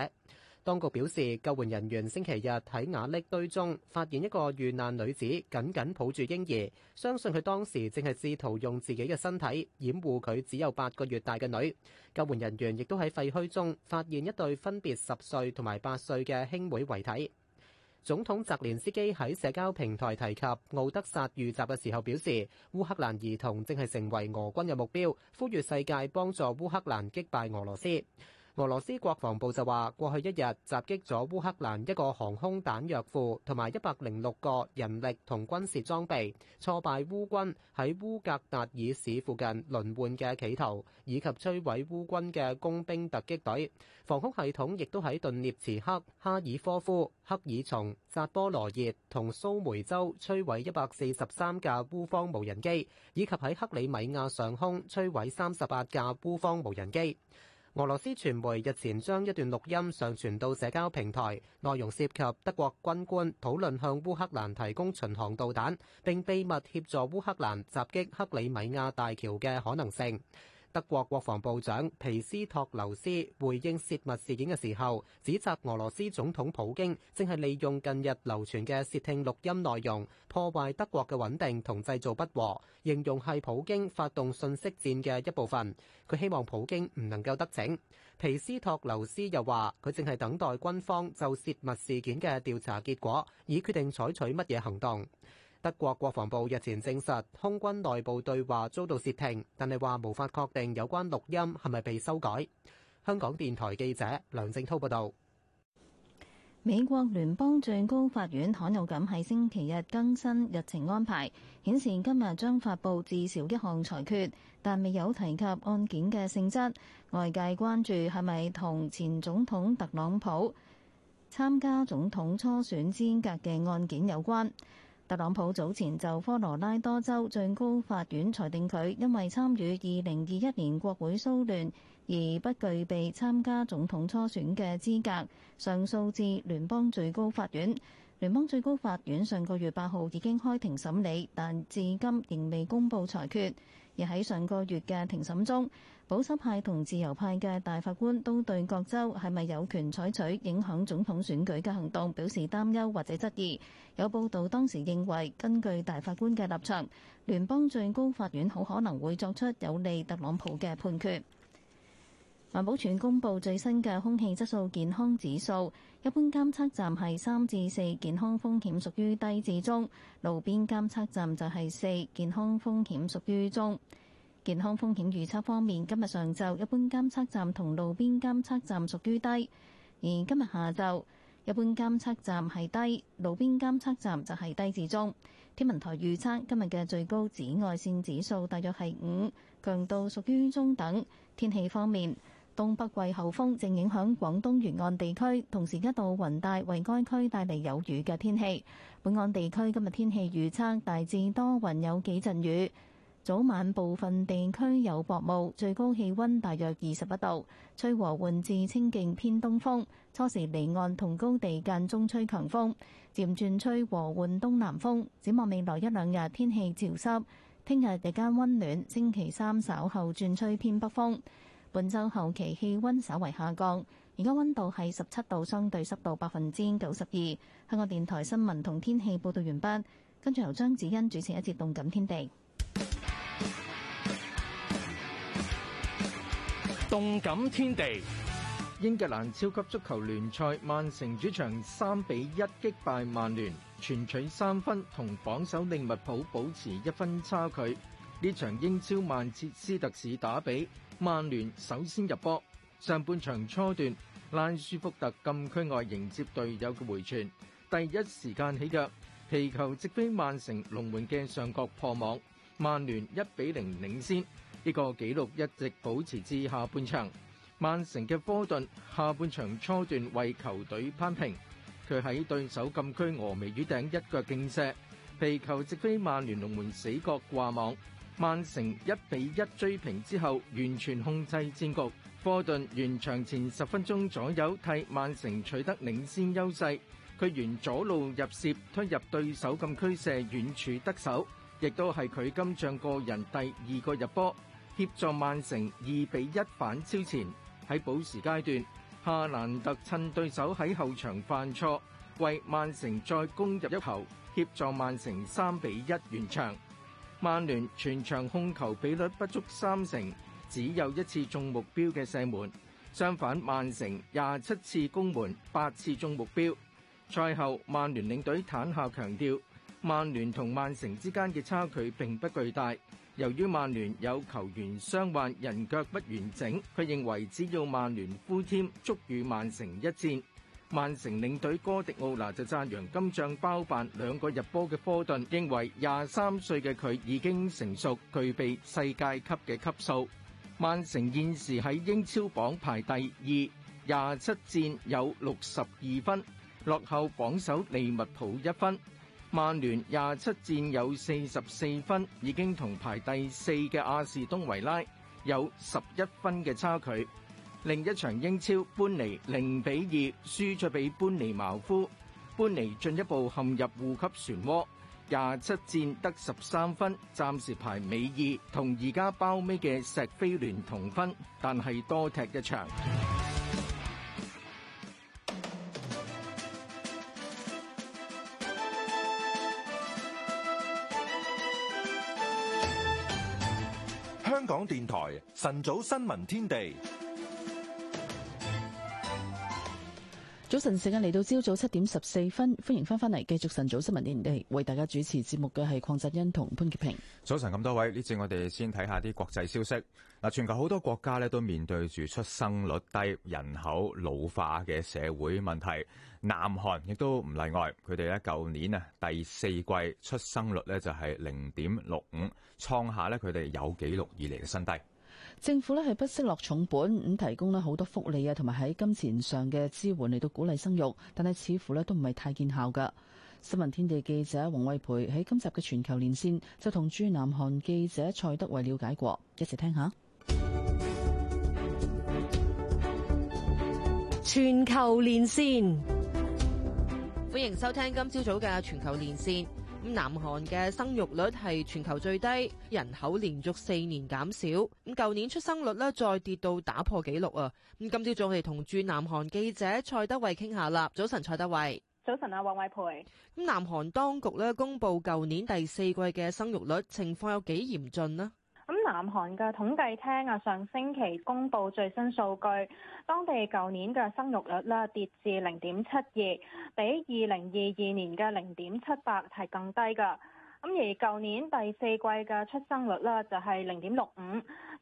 當局表示，救援人員星期日喺瓦礫堆中發現一個遇難女子緊緊抱住嬰兒，相信佢當時正係試圖用自己嘅身體掩護佢只有八個月大嘅女。救援人員亦都喺廢墟中發現一對分別十歲同埋八歲嘅兄妹遺體。總統澤連斯基喺社交平台提及敖德薩遇襲嘅時候表示，烏克蘭兒童正係成為俄軍嘅目標，呼籲世界幫助烏克蘭擊敗俄羅斯。俄羅斯國防部就話，過去一日襲擊咗烏克蘭一個航空彈藥庫，同埋一百零六個人力同軍事裝備，挫敗烏軍喺烏格達爾市附近輪換嘅企圖，以及摧毀烏軍嘅工兵突擊隊。防空系統亦都喺頓涅茨克、哈爾科夫、克爾松、扎波羅熱同蘇梅州摧毀一百四十三架烏方無人機，以及喺克里米亞上空摧毀三十八架烏方無人機。俄羅斯傳媒日前將一段錄音上傳到社交平台，內容涉及德國軍官討論向烏克蘭提供巡航導彈，並秘密協助烏克蘭襲擊克里米亞大橋嘅可能性。德國國防部長皮斯托留斯回應洩密事件嘅時候，指責俄羅斯總統普京正係利用近日流傳嘅竊聽錄音內容，破壞德國嘅穩定同製造不和，形容係普京發動信息戰嘅一部分。佢希望普京唔能夠得逞。皮斯托留斯又話，佢正係等待軍方就洩密事件嘅調查結果，以決定採取乜嘢行動。德國國防部日前證實空軍內部對話遭到竊聽，但係話無法確定有關錄音係咪被修改。香港電台記者梁正滔報導。美國聯邦最高法院罕有咁喺星期日更新日程安排，顯示今日將發布至少一項裁決，但未有提及案件嘅性質。外界關注係咪同前總統特朗普參加總統初選資格嘅案件有關。特朗普早前就科羅拉多州最高法院裁定佢因為參與二零二一年國會騷亂而不具備參加總統初選嘅資格，上訴至聯邦最高法院。聯邦最高法院上個月八號已經開庭審理，但至今仍未公布裁決。而喺上個月嘅庭審中，保守派同自由派嘅大法官都對各州係咪有權採取影響總統選舉嘅行動表示擔憂或者質疑。有報道當時認為，根據大法官嘅立場，聯邦最高法院好可能會作出有利特朗普嘅判決。環保署公布最新嘅空氣質素健康指數。一般監測站係三至四，健康風險屬於低至中；路邊監測站就係四，健康風險屬於中。健康風險預測方面，今日上晝一般監測站同路邊監測站屬於低，而今日下晝一般監測站係低，路邊監測站就係低至中。天文台預測今日嘅最高紫外線指數大約係五，強度屬於中等。天氣方面。東北季候風正影響廣東沿岸地區，同時一道雲帶為該區帶嚟有雨嘅天氣。本岸地區今日天氣預測大致多雲有幾陣雨，早晚部分地區有薄霧，最高氣溫大約二十一度，吹和緩至清勁偏東風，初時離岸同高地間中吹強風，漸轉吹和緩東南風，展望未來一兩日天氣潮濕，聽日日間温暖，星期三稍後轉吹偏北風。本周後期氣溫稍為下降，而家溫度係十七度，相對濕度百分之九十二。香港電台新聞同天氣報道完畢，跟住由張子欣主持一節《動感天地》。《動感天地》，英格蘭超級足球聯賽曼城主場三比一擊敗曼聯，全取三分，同榜首利物浦保持一分差距。呢場英超曼徹斯特市打比。曼聯首先入波，上半場初段，拉舒福特禁區外迎接隊友嘅回傳，第一時間起腳，皮球直飛曼城龍門嘅上角破網，曼聯一比零領先，呢個紀錄一直保持至下半場。曼城嘅波頓下半場初段為球隊扳平，佢喺對手禁區蛾眉月頂一腳勁射，皮球直飛曼聯龍門死角掛網。曼城一比一追平之後，完全控制戰局。科頓完場前十分鐘左右替曼城取得領先優勢。佢沿左路入楔，推入對手禁區射遠處得手，亦都係佢今仗個人第二個入波，協助曼城二比一反超前。喺補時階段，夏蘭特趁對手喺後場犯錯，為曼城再攻入一球，協助曼城三比一完場。曼聯全場控球比率不足三成，只有一次中目標嘅射門。相反，曼城廿七次攻門，八次中目標。賽後，曼聯領隊坦下強調，曼聯同曼城之間嘅差距並不巨大。由於曼聯有球員傷患，人腳不完整，佢認為只要曼聯呼添，足與曼城一戰。曼城領隊哥迪奧拿就讚揚今仗包辦兩個入波嘅科頓，認為廿三歲嘅佢已經成熟，具備世界級嘅級數。曼城現時喺英超榜排第二，廿七戰有六十二分，落後榜首利物浦一分。曼聯廿七戰有四十四分，已經同排第四嘅阿士東維拉有十一分嘅差距。另一場英超，搬尼零比二輸咗俾搬尼茅夫，搬尼進一步陷入護級漩渦。廿七戰得十三分，暫時排尾二，同而家包尾嘅石飛聯同分，但係多踢一場。香港電台晨早新聞天地。早晨，時間嚟到朝早七點十四分，歡迎翻返嚟，繼續晨早新聞天地為大家主持節目嘅係鄺振恩同潘潔平。早晨咁多位，呢次我哋先睇下啲國際消息。嗱，全球好多國家咧都面對住出生率低、人口老化嘅社會問題，南韓亦都唔例外。佢哋咧舊年啊第四季出生率咧就係零點六五，創下咧佢哋有記錄以嚟嘅新低。政府呢係不惜落重本咁提供呢好多福利啊，同埋喺金錢上嘅支援嚟到鼓勵生育，但係似乎呢都唔係太見效㗎。新聞天地記者王惠培喺今集嘅全球連線就同駐南韓記者蔡德偉了解過，一齊聽下。全球，聽全球連線，歡迎收聽今朝早嘅全球連線。咁南韓嘅生育率係全球最低，人口連續四年減少。咁舊年出生率呢，再跌到打破紀錄啊！咁今朝早係同駐南韓記者蔡德偉傾下啦。早晨，蔡德偉。早晨啊，黃偉培。咁南韓當局呢，公布舊年第四季嘅生育率情況有幾嚴峻呢？南韓嘅統計廳啊，上星期公布最新數據，當地舊年嘅生育率啦跌至零點七二，比二零二二年嘅零點七八係更低㗎。咁而舊年第四季嘅出生率咧就係零點六五，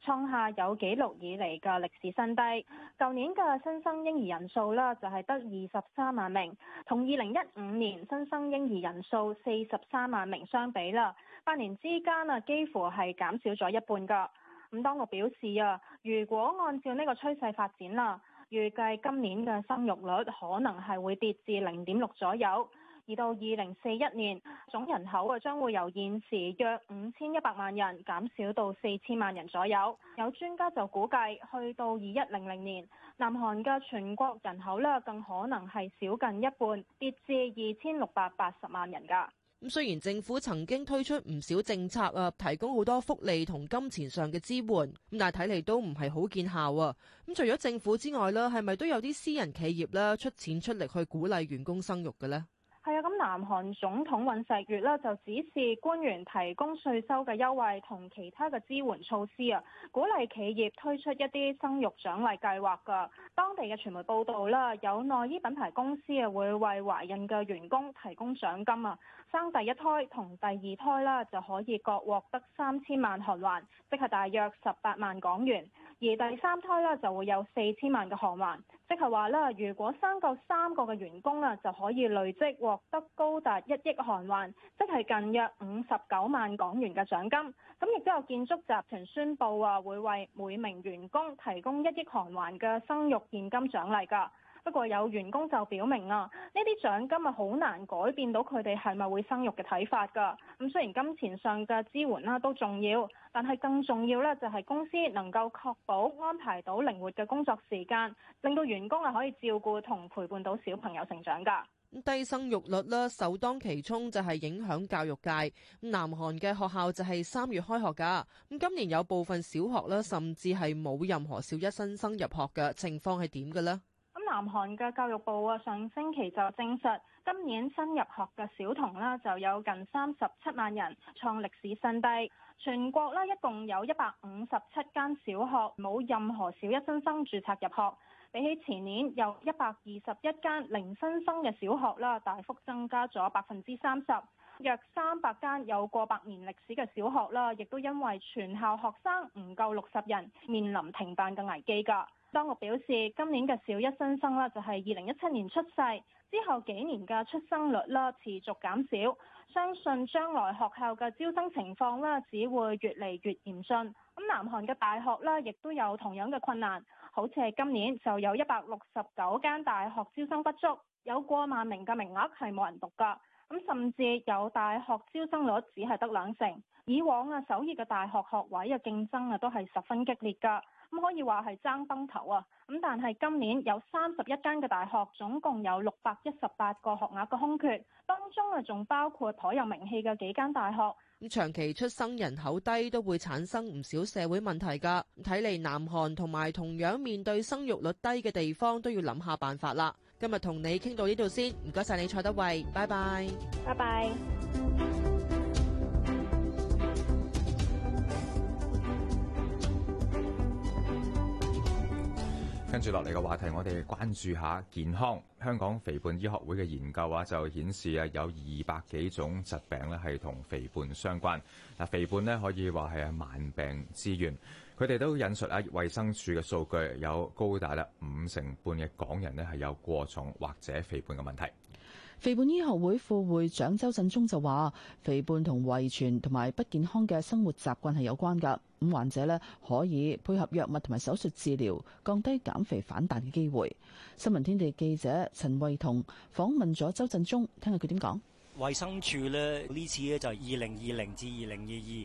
創下有紀錄以嚟嘅歷史新低。舊年嘅新生嬰兒人數啦，就係得二十三萬名，同二零一五年新生嬰兒人數四十三萬名相比啦。八年之間啊，幾乎係減少咗一半㗎。咁當局表示啊，如果按照呢個趨勢發展啦，預計今年嘅生育率可能係會跌至零點六左右，而到二零四一年總人口啊將會由現時約五千一百萬人減少到四千萬人左右。有專家就估計，去到二一零零年，南韓嘅全國人口呢更可能係少近一半，跌至二千六百八十萬人㗎。咁雖然政府曾經推出唔少政策啊，提供好多福利同金錢上嘅支援，咁但係睇嚟都唔係好見效啊。咁除咗政府之外咧，係咪都有啲私人企業咧出錢出力去鼓勵員工生育嘅呢？係啊，咁南韓總統尹錫悅咧就指示官員提供稅收嘅優惠同其他嘅支援措施啊，鼓勵企業推出一啲生育獎勵計劃㗎。當地嘅傳媒報道啦，有內衣品牌公司啊會為懷孕嘅員工提供獎金啊，生第一胎同第二胎啦就可以各獲得三千萬韓元，即係大約十八萬港元。而第三胎咧就會有四千萬嘅韓環，即係話咧，如果生夠三個嘅員工啊，就可以累積獲得高達一億韓環，即係近約五十九萬港元嘅獎金。咁亦都有建築集團宣布啊，會為每名員工提供一億韓環嘅生育現金獎勵㗎。不過有員工就表明啊，呢啲獎金啊，好難改變到佢哋係咪會生育嘅睇法㗎。咁雖然金錢上嘅支援啦都重要，但係更重要咧就係公司能夠確保安排到靈活嘅工作時間，令到員工係可以照顧同陪伴到小朋友成長㗎。低生育率啦，首當其衝就係影響教育界。南韓嘅學校就係三月開學㗎。咁今年有部分小學啦，甚至係冇任何小一新生入學嘅情況係點嘅呢？南韓嘅教育部啊，上星期就證實，今年新入學嘅小童啦，就有近三十七萬人，創歷史新低。全國啦，一共有一百五十七間小學冇任何小一新生，生註冊入學，比起前年有一百二十一間零新生嘅小學啦，大幅增加咗百分之三十。約三百間有過百年歷史嘅小學啦，亦都因為全校學生唔夠六十人，面臨停辦嘅危機㗎。當局表示，今年嘅小一新生啦，就係二零一七年出世之後幾年嘅出生率啦，持續減少，相信將來學校嘅招生情況啦，只會越嚟越嚴峻。咁南韓嘅大學啦，亦都有同樣嘅困難，好似係今年就有一百六十九間大學招生不足，有過萬名嘅名額係冇人讀㗎。咁甚至有大學招生率只係得兩成。以往啊，首爾嘅大學學位嘅競爭啊，都係十分激烈㗎。咁可以話係爭崩頭啊！咁但係今年有三十一間嘅大學，總共有六百一十八個學額嘅空缺，當中啊仲包括頗有名氣嘅幾間大學。咁長期出生人口低都會產生唔少社會問題噶。睇嚟南韓同埋同樣面對生育率低嘅地方都要諗下辦法啦。今日同你傾到呢度先，唔該晒你蔡德慧，拜拜，拜拜。跟住落嚟嘅話題，我哋關注下健康。香港肥胖醫學會嘅研究啊，就顯示啊，有二百幾種疾病咧係同肥胖相關。嗱，肥胖咧可以話係萬病之源。佢哋都引述啊衛生署嘅數據，有高達啦五成半嘅港人咧係有過重或者肥胖嘅問題。肥胖醫學會副會長周振中就話：肥胖同遺傳同埋不健康嘅生活習慣係有關噶。咁患者咧可以配合藥物同埋手術治療，降低減肥反彈嘅機會。新聞天地記者陳慧彤訪問咗周振中，聽下佢點講。衛生署呢，呢次呢就係二零二零至二零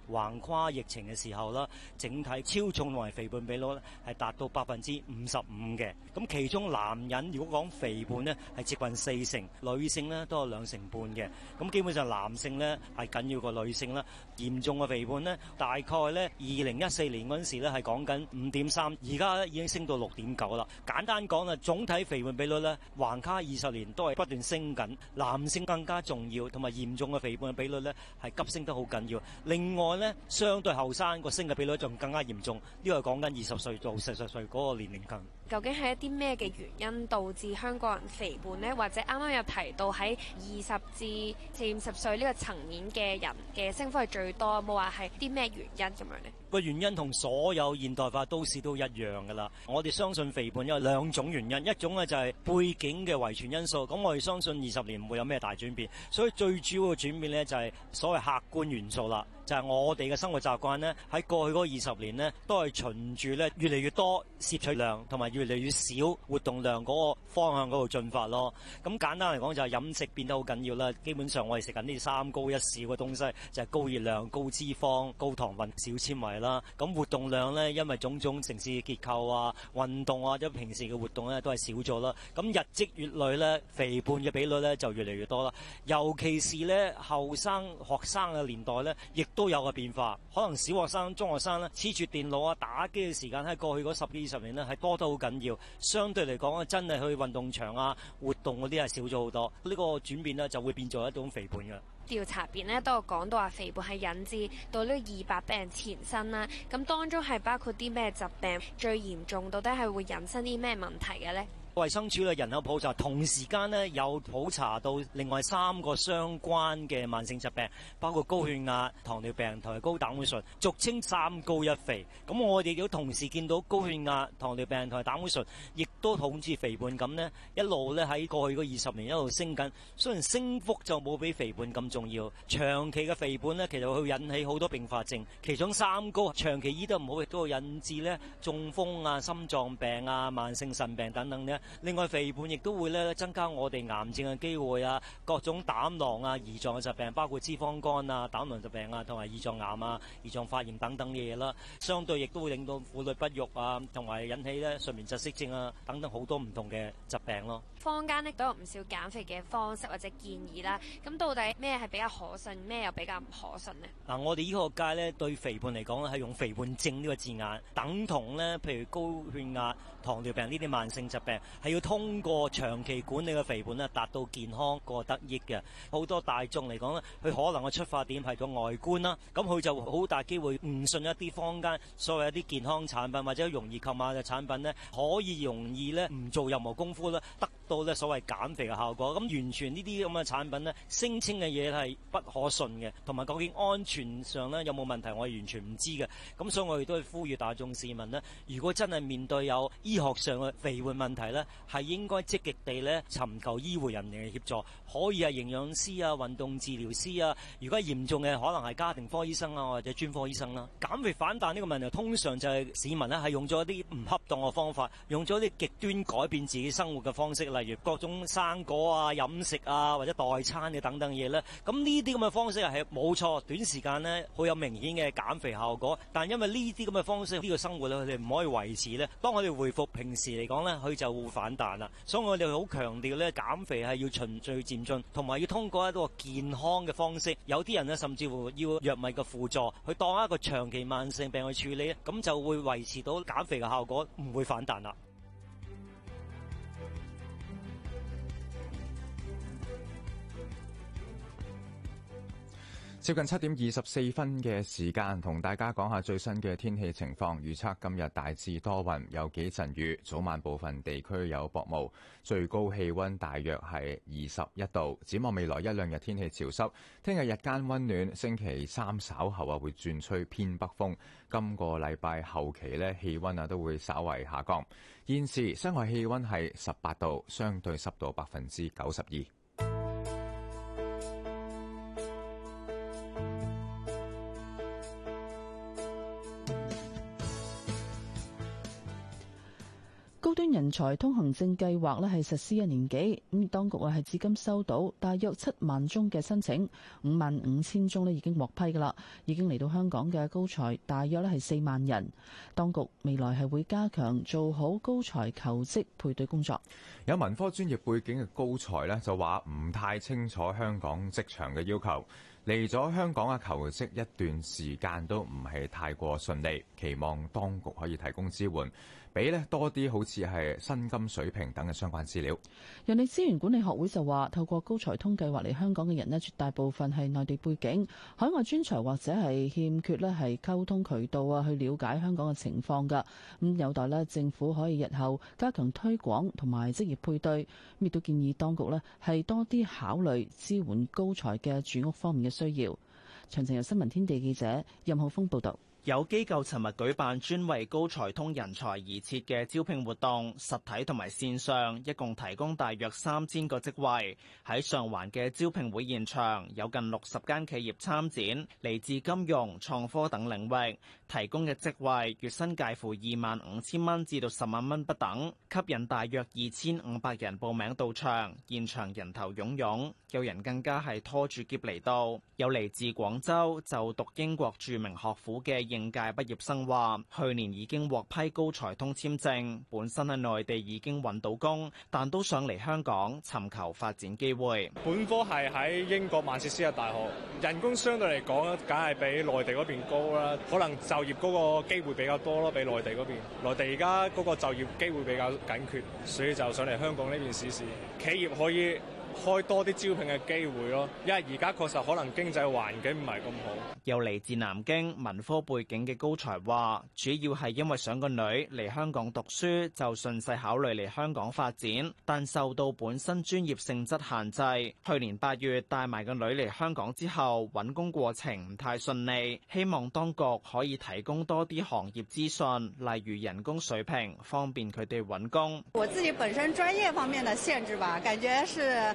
二二橫跨疫情嘅時候啦，整體超重同埋肥胖比率呢係達到百分之五十五嘅。咁其中男人如果講肥胖呢係接近四成，女性呢都有兩成半嘅。咁基本上男性呢係緊要過女性啦。嚴重嘅肥胖呢大概呢二零一四年嗰陣時呢係講緊五點三，而家已經升到六點九啦。簡單講啦，總體肥胖比率呢橫跨二十年都係不斷升緊，男性更加重要。同埋嚴重嘅肥胖嘅比率呢，係急升得好緊要。另外呢，相對後生個升嘅比率仲更加嚴重。呢個係講緊二十歲到四十歲嗰個年齡層。究竟係一啲咩嘅原因導致香港人肥胖呢？或者啱啱有提到喺二十至四五十歲呢個層面嘅人嘅升幅係最多，有冇話係啲咩原因咁樣呢？個原因同所有現代化都市都一樣㗎啦。我哋相信肥胖有兩種原因，一種呢就係背景嘅遺傳因素。咁我哋相信二十年唔會有咩大轉變，所以最主要嘅轉變呢就係所謂客觀元素啦。就係我哋嘅生活習慣呢喺過去嗰二十年呢都係循住咧越嚟越多攝取量同埋越嚟越少活動量嗰個方向嗰度進發咯。咁、嗯、簡單嚟講，就係飲食變得好緊要啦。基本上我哋食緊啲三高一少嘅東西，就係、是、高熱量、高脂肪、高糖分、少纖維啦。咁、嗯、活動量呢，因為種種城市嘅結構啊、運動啊，即係平時嘅活動呢都係少咗啦。咁、嗯、日積月累呢，肥胖嘅比率呢就越嚟越多啦。尤其是呢後生學生嘅年代呢，亦都有個變化，可能小學生、中學生呢，黐住電腦啊、打機嘅時間喺過去嗰十幾二十年呢，係多得好緊要，相對嚟講啊，真係去運動場啊、活動嗰啲係少咗好多。呢個轉變呢，就會變做一種肥胖嘅調查。邊呢，都講到話肥胖係引致到呢二百病人前身啦。咁當中係包括啲咩疾病最嚴重？到底係會引申啲咩問題嘅呢？衞生署嘅人口普查，同時間呢，有普查到另外三個相關嘅慢性疾病，包括高血壓、糖尿病同係高膽固醇，俗稱三高一肥。咁我哋亦都同時見到高血壓、糖尿病同係膽固醇，亦都好似肥胖咁呢一路咧喺過去嗰二十年一路升緊。雖然升幅就冇比肥胖咁重要，長期嘅肥胖呢，其實會引起好多併發症，其中三高長期醫得唔好亦都會引致呢中風啊、心臟病啊、慢性腎病等等嘅。另外，肥胖亦都會咧增加我哋癌症嘅機會啊，各種膽囊啊、胰臟嘅疾病，包括脂肪肝啊、膽囊疾病啊，同埋胰臟癌啊、胰臟發炎等等嘅嘢啦。相對亦都會令到婦女不育啊，同埋引起咧睡眠窒息症啊等等好多唔同嘅疾病咯。坊間咧都有唔少減肥嘅方式或者建議啦，咁到底咩係比較可信，咩又比較唔可信呢？嗱，我哋醫學界咧對肥胖嚟講咧係用肥胖症呢個字眼，等同咧譬如高血壓、糖尿病呢啲慢性疾病，係要通過長期管理嘅肥胖咧達到健康過得益嘅。好多大眾嚟講咧，佢可能嘅出發點係個外觀啦，咁佢就好大機會誤信一啲坊間所謂一啲健康產品或者容易購買嘅產品呢可以容易咧唔做任何功夫咧得，到咧所謂減肥嘅效果，咁完全呢啲咁嘅產品咧，聲稱嘅嘢係不可信嘅，同埋究竟安全上呢有冇問題，我係完全唔知嘅。咁所以我亦都係呼籲大眾市民呢，如果真係面對有醫學上嘅肥胖問題呢，係應該積極地呢尋求醫護人員嘅協助，可以係營養師啊、運動治療師啊，如果嚴重嘅可能係家庭科醫生啊或者專科醫生啦。減肥反彈呢個問題，通常就係市民呢係用咗一啲唔恰當嘅方法，用咗啲極端改變自己生活嘅方式。例如各種生果啊、飲食啊，或者代餐嘅等等嘢咧，咁呢啲咁嘅方式係冇錯，短時間呢好有明顯嘅減肥效果。但因為呢啲咁嘅方式，呢個生活咧，佢哋唔可以維持咧。當我哋回復平時嚟講咧，佢就會反彈啦。所以我哋好強調咧，減肥係要循序漸進，同埋要通過一個健康嘅方式。有啲人呢，甚至乎要藥物嘅輔助，去當一個長期慢性病去處理，咁就會維持到減肥嘅效果，唔會反彈啦。接近七點二十四分嘅時間，同大家講下最新嘅天氣情況預測。預測今日大致多雲，有幾陣雨，早晚部分地區有薄霧。最高氣溫大約係二十一度。展望未來一兩日天氣潮濕。聽日日間温暖，星期三稍後啊會轉吹偏北風。今個禮拜後期呢氣溫啊都會稍為下降。現時室外氣溫係十八度，相對濕度百分之九十二。才通行證計劃呢係實施一年幾，咁當局啊係至今收到大約七萬宗嘅申請，五萬五千宗呢已經獲批㗎喇，已經嚟到香港嘅高才大約呢係四萬人。當局未來係會加強做好高才求職配對工作。有文科專業背景嘅高才呢就話唔太清楚香港職場嘅要求，嚟咗香港嘅求職一段時間都唔係太過順利，期望當局可以提供支援。俾咧多啲好似係薪金水平等嘅相關資料。人力資源管理學會就話，透過高才通計劃嚟香港嘅人咧，絕大部分係內地背景，海外專才或者係欠缺咧係溝通渠道啊，去了解香港嘅情況㗎。咁有待政府可以日後加強推廣同埋職業配對，亦都建議當局咧係多啲考慮支援高才嘅住屋方面嘅需要。詳情由新聞天地記者任浩峰報導。有機構尋日舉辦專為高才通人才而設嘅招聘活動，實體同埋線上一共提供大約三千個職位。喺上環嘅招聘會現場，有近六十間企業參展，嚟自金融、創科等領域，提供嘅職位月薪介乎二萬五千蚊至到十萬蚊不等，吸引大約二千五百人報名到場。現場人頭湧湧，有人更加係拖住喼嚟到，有嚟自廣州就讀英國著名學府嘅。應屆畢業生話，去年已經獲批高才通簽證，本身喺內地已經揾到工，但都想嚟香港尋求發展機會。本科係喺英國曼徹斯特大學，人工相對嚟講，梗係比內地嗰邊高啦。可能就業嗰個機會比較多咯，比內地嗰邊。內地而家嗰個就業機會比較緊缺，所以就想嚟香港呢邊試試。企業可以。開多啲招聘嘅機會咯，因為而家確實可能經濟環境唔係咁好。又嚟自南京，文科背景嘅高才話，主要係因為想個女嚟香港讀書，就順勢考慮嚟香港發展，但受到本身專業性質限制。去年八月帶埋個女嚟香港之後，揾工過程唔太順利，希望當局可以提供多啲行業資訊，例如人工水平，方便佢哋揾工。我自己本身專業方面的限制吧，感覺是。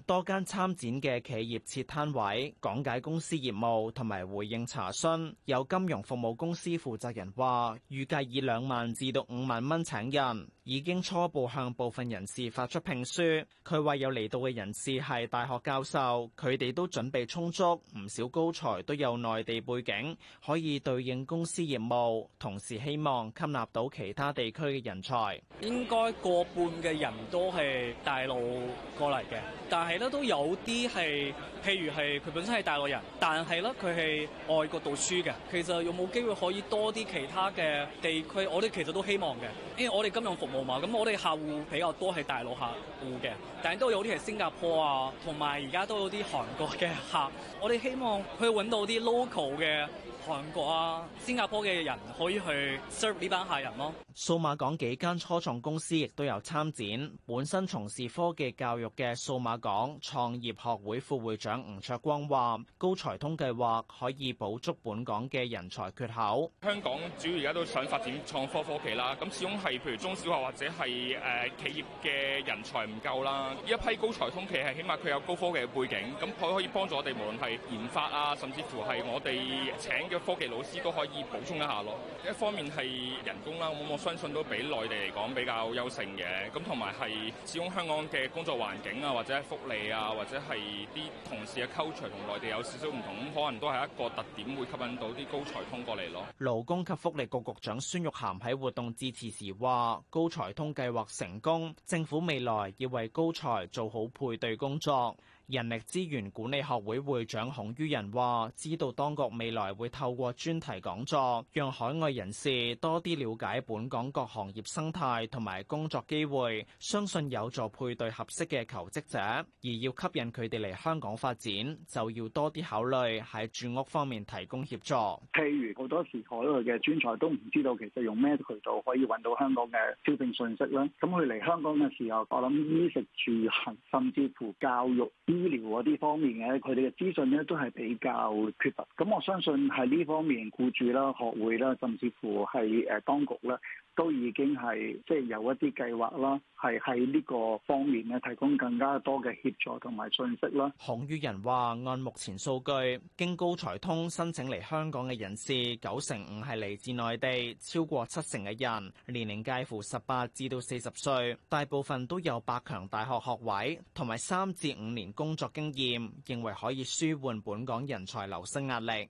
多間參展嘅企業設攤位，講解公司業務同埋回應查詢。有金融服務公司負責人話，預計以兩萬至到五萬蚊請人，已經初步向部分人士發出聘書。佢話，有嚟到嘅人士係大學教授，佢哋都準備充足，唔少高才都有內地背景，可以對應公司業務。同時希望吸納到其他地區嘅人才。應該過半嘅人都係大陸過嚟嘅，但係咧都有啲係，譬如係佢本身係大陸人，但係咧佢係外國讀書嘅。其實有冇機會可以多啲其他嘅地區，我哋其實都希望嘅，因為我哋金融服務嘛，咁我哋客戶比較多係大陸客戶嘅，但係都有啲係新加坡啊，同埋而家都有啲韓國嘅客，我哋希望去揾到啲 local 嘅。韓國啊、新加坡嘅人可以去 serve 呢班客人咯，哦。數碼港幾間初創公司亦都有參展。本身從事科技教育嘅數碼港創業學會副會長吳卓光話：高才通計劃可以補足本港嘅人才缺口。香港主要而家都想發展創科科技啦。咁始終係譬如中小學或者係誒企業嘅人才唔夠啦。呢一批高才通其實係起碼佢有高科技嘅背景，咁佢可以幫助我哋無論係研發啊，甚至乎係我哋請。科技老師都可以補充一下咯。一方面係人工啦，咁我相信都比內地嚟講比較優勝嘅。咁同埋係，始終香港嘅工作環境啊，或者福利啊，或者係啲同事嘅 culture 同內地有少少唔同，咁可能都係一個特點，會吸引到啲高才通過嚟咯。勞工及福利局局長孫玉菡喺活動致辭時話：高才通計劃成功，政府未來要為高才做好配對工作。人力資源管理學會會長孔于人話，知道當局未來會透過專題講座，讓海外人士多啲了解本港各行業生態同埋工作機會，相信有助配對合適嘅求職者。而要吸引佢哋嚟香港發展，就要多啲考慮喺住屋方面提供協助。譬如好多時海外嘅專才都唔知道其實用咩渠道可以搵到香港嘅招聘信息啦。咁佢嚟香港嘅時候，我諗衣食住行甚至乎教育。醫療嗰啲方面嘅，佢哋嘅資訊咧都係比較缺乏。咁我相信喺呢方面，雇主啦、學會啦，甚至乎係誒當局啦。都已經係即係有一啲計劃啦，係喺呢個方面呢，提供更加多嘅協助同埋信息啦。孔於人話，按目前數據，經高才通申請嚟香港嘅人士，九成五係嚟自內地，超過七成嘅人年齡介乎十八至到四十歲，大部分都有百強大學學位同埋三至五年工作經驗，認為可以舒緩本港人才流失壓力。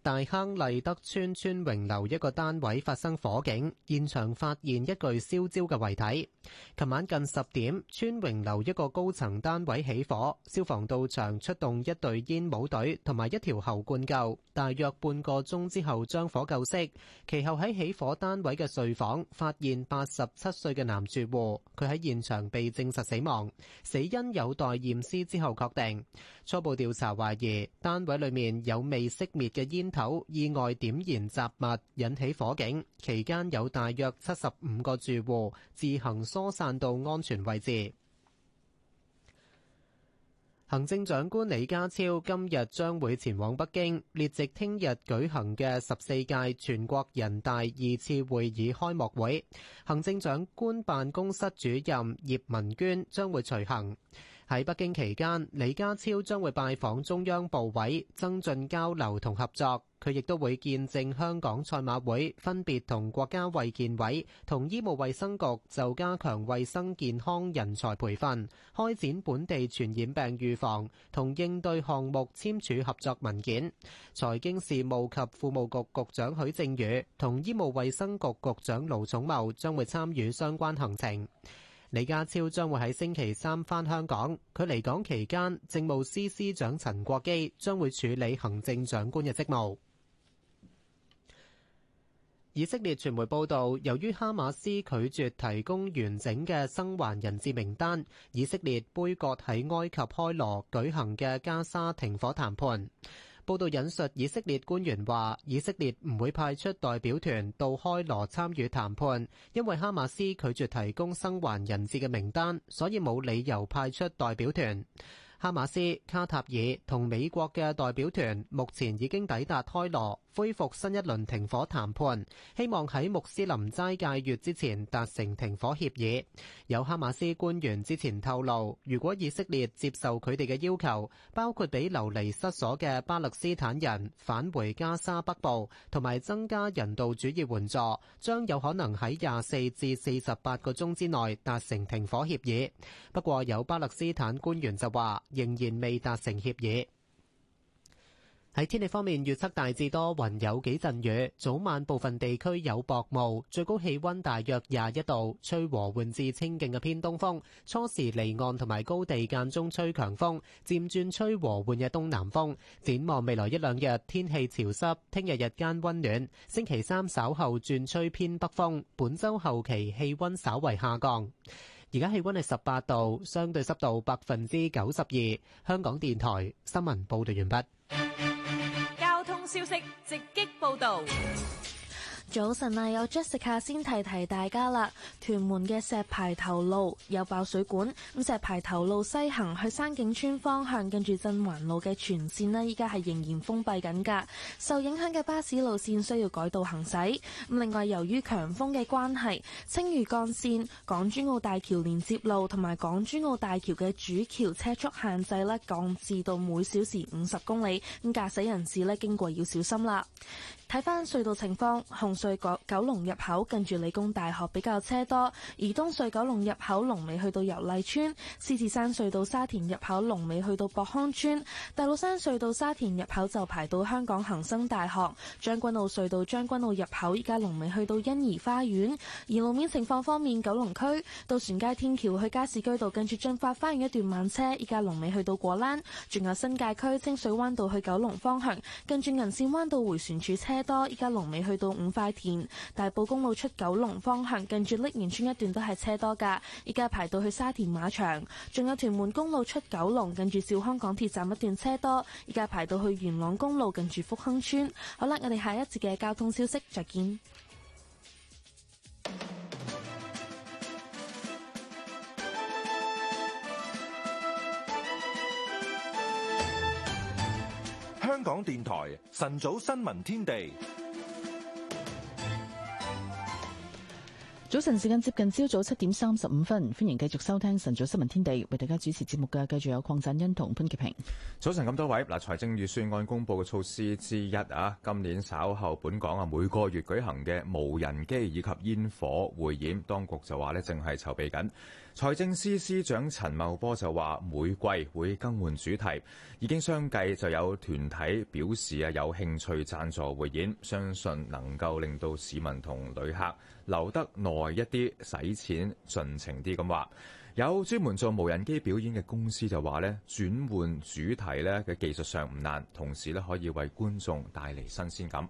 大坑麗德村村榮樓一個單位發生火警，現場發現一具燒焦嘅遺體。琴晚近十點，村榮樓一個高層單位起火，消防到場出動一隊煙霧隊同埋一條喉灌救，大約半個鐘之後將火救熄。其後喺起火單位嘅睡房發現八十七歲嘅男住戶，佢喺現場被證實死亡，死因有待驗屍之後確定。初步調查懷疑單位裏面有未熄滅嘅煙頭意外點燃雜物，引起火警。期間有大約七十五個住戶自行疏散到安全位置。行政長官李家超今日將會前往北京，列席聽日舉行嘅十四屆全國人大二次會議開幕會。行政長官辦公室主任葉文娟將會隨行。喺北京期間，李家超將會拜訪中央部委，增進交流同合作。佢亦都會見證香港賽馬會分別同國家衛健委同醫務衛生局就加強衛生健康人才培訓、開展本地傳染病預防同應對項目簽署合作文件。財經事務及庫務局局長許正宇同醫務衛生局局長盧寵茂將會參與相關行程。李家超將會喺星期三返香港。佢離港期間，政務司司長陳國基將會處理行政長官嘅職務。以色列傳媒報道，由於哈馬斯拒絕提供完整嘅生還人質名單，以色列杯葛喺埃及開羅舉行嘅加沙停火談判。報道引述以色列官員話，以色列唔會派出代表團到開羅參與談判，因為哈馬斯拒絕提供生還人質嘅名單，所以冇理由派出代表團。哈馬斯、卡塔爾同美國嘅代表團目前已經抵達開羅，恢復新一輪停火談判，希望喺穆斯林齋戒月之前達成停火協議。有哈馬斯官員之前透露，如果以色列接受佢哋嘅要求，包括俾流離失所嘅巴勒斯坦人返回加沙北部，同埋增加人道主義援助，將有可能喺廿四至四十八個鐘之內達成停火協議。不過，有巴勒斯坦官員就話，仍然未達成協議。喺天氣方面，預測大致多雲有幾陣雨，早晚部分地區有薄霧，最高氣温大約廿一度，吹和緩至清勁嘅偏東風，初時離岸同埋高地間中吹強風，漸轉吹和緩嘅東南風。展望未來一兩日，天氣潮濕，聽日日間温暖，星期三稍後轉吹偏北風，本週後期氣温稍為下降。而家氣温係十八度，相對濕度百分之九十二。香港電台新聞報導完畢。交通消息直擊報導。早晨啊，有 Jessica 先提提大家啦。屯門嘅石排頭路有爆水管，咁石排頭路西行去山景村方向，跟住鎮環路嘅全線呢，依家係仍然封閉緊噶。受影響嘅巴士路線需要改道行駛。咁另外，由於強風嘅關係，青嶼幹線、港珠澳大橋連接路同埋港珠澳大橋嘅主橋車速限制呢，降至到每小時五十公里，咁駕駛人士呢經過要小心啦。睇翻隧道情況，紅隧九龍入口近住理工大學比較車多，而東隧九龍入口龍尾去到油麗村，獅子山隧道沙田入口龍尾去到博康村，大老山隧道沙田入口就排到香港恒生大學，將軍澳隧道將軍澳入口依家龍尾去到欣怡花園。而路面情況方面，九龍區渡船街天橋去加士居道近住駿發花園一段慢車，依家龍尾去到果欄，仲有新界區清水灣道去九龍方向近住銀線灣道回旋處車。多依家龍尾去到五塊田，大埔公路出九龍方向，近住瀝源村一段都係車多噶，依家排到去沙田馬場，仲有屯門公路出九龍，近住兆康港鐵站一段車多，依家排到去元朗公路，近住福亨村。好啦，我哋下一節嘅交通消息再見。香港電台晨早新聞天地，早晨時間接近朝早七點三十五分，歡迎繼續收聽晨早新聞天地，為大家主持節目嘅繼續有鄺振恩同潘潔平。早晨咁多位嗱，財政預算案公布嘅措施之一啊，今年稍後本港啊每個月舉行嘅無人機以及煙火匯演，當局就話呢正係籌備緊。財政司司長陳茂波就話：每季會更換主題，已經相繼就有團體表示啊有興趣贊助匯演，相信能夠令到市民同旅客留得耐一啲，使錢盡情啲。咁話有專門做無人機表演嘅公司就話咧，轉換主題咧嘅技術上唔難，同時咧可以為觀眾帶嚟新鮮感。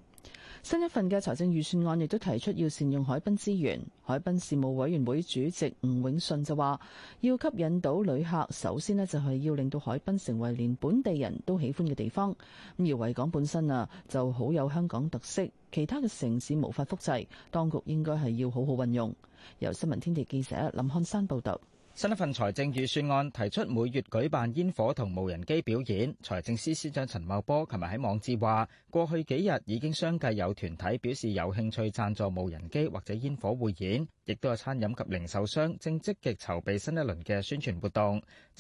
新一份嘅財政預算案亦都提出要善用海濱資源，海濱事務委員會主席吳永信就話：要吸引到旅客，首先呢就係要令到海濱成為連本地人都喜歡嘅地方。咁而維港本身啊，就好有香港特色，其他嘅城市無法複製，當局應該係要好好運用。由新聞天地記者林漢山報導。新一份財政預算案提出每月舉辦煙火同無人機表演，財政司司長陳茂波琴日喺網誌話：過去幾日已經相繼有團體表示有興趣贊助無人機或者煙火匯演，亦都有餐飲及零售商正積極籌備新一輪嘅宣傳活動。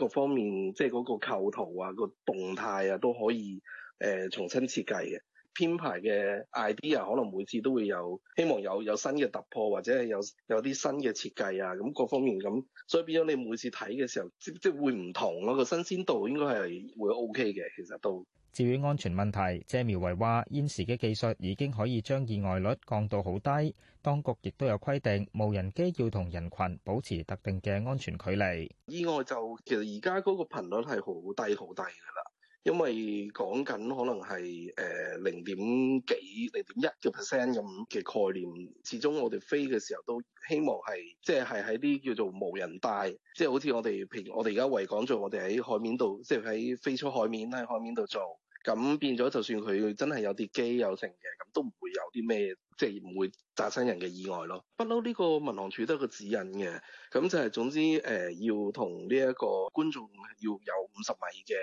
各方面即係嗰個構圖啊，個動態啊都可以誒、呃、重新設計嘅編排嘅 idea，可能每次都會有希望有有新嘅突破或者係有有啲新嘅設計啊，咁各方面咁，所以變咗你每次睇嘅時候即即會唔同咯，個新鮮度應該係會 OK 嘅，其實都。至於安全問題，謝苗維話：現時嘅技術已經可以將意外率降到好低，當局亦都有規定，無人機要同人群保持特定嘅安全距離。意外就其實而家嗰個頻率係好低好低㗎啦。因為講緊可能係誒零點幾零點一嘅 percent 咁嘅概念，始終我哋飛嘅時候都希望係即係係喺啲叫做無人帶，即係好似我哋平我哋而家維港做我哋喺海面度，即係喺飛出海面喺海面度做咁變咗，就算佢真係有啲機有成嘅，咁都唔會有啲咩，即係唔會炸生人嘅意外咯。不嬲呢個民航處都係個指引嘅，咁就係總之誒、呃、要同呢一個觀眾要有五十米嘅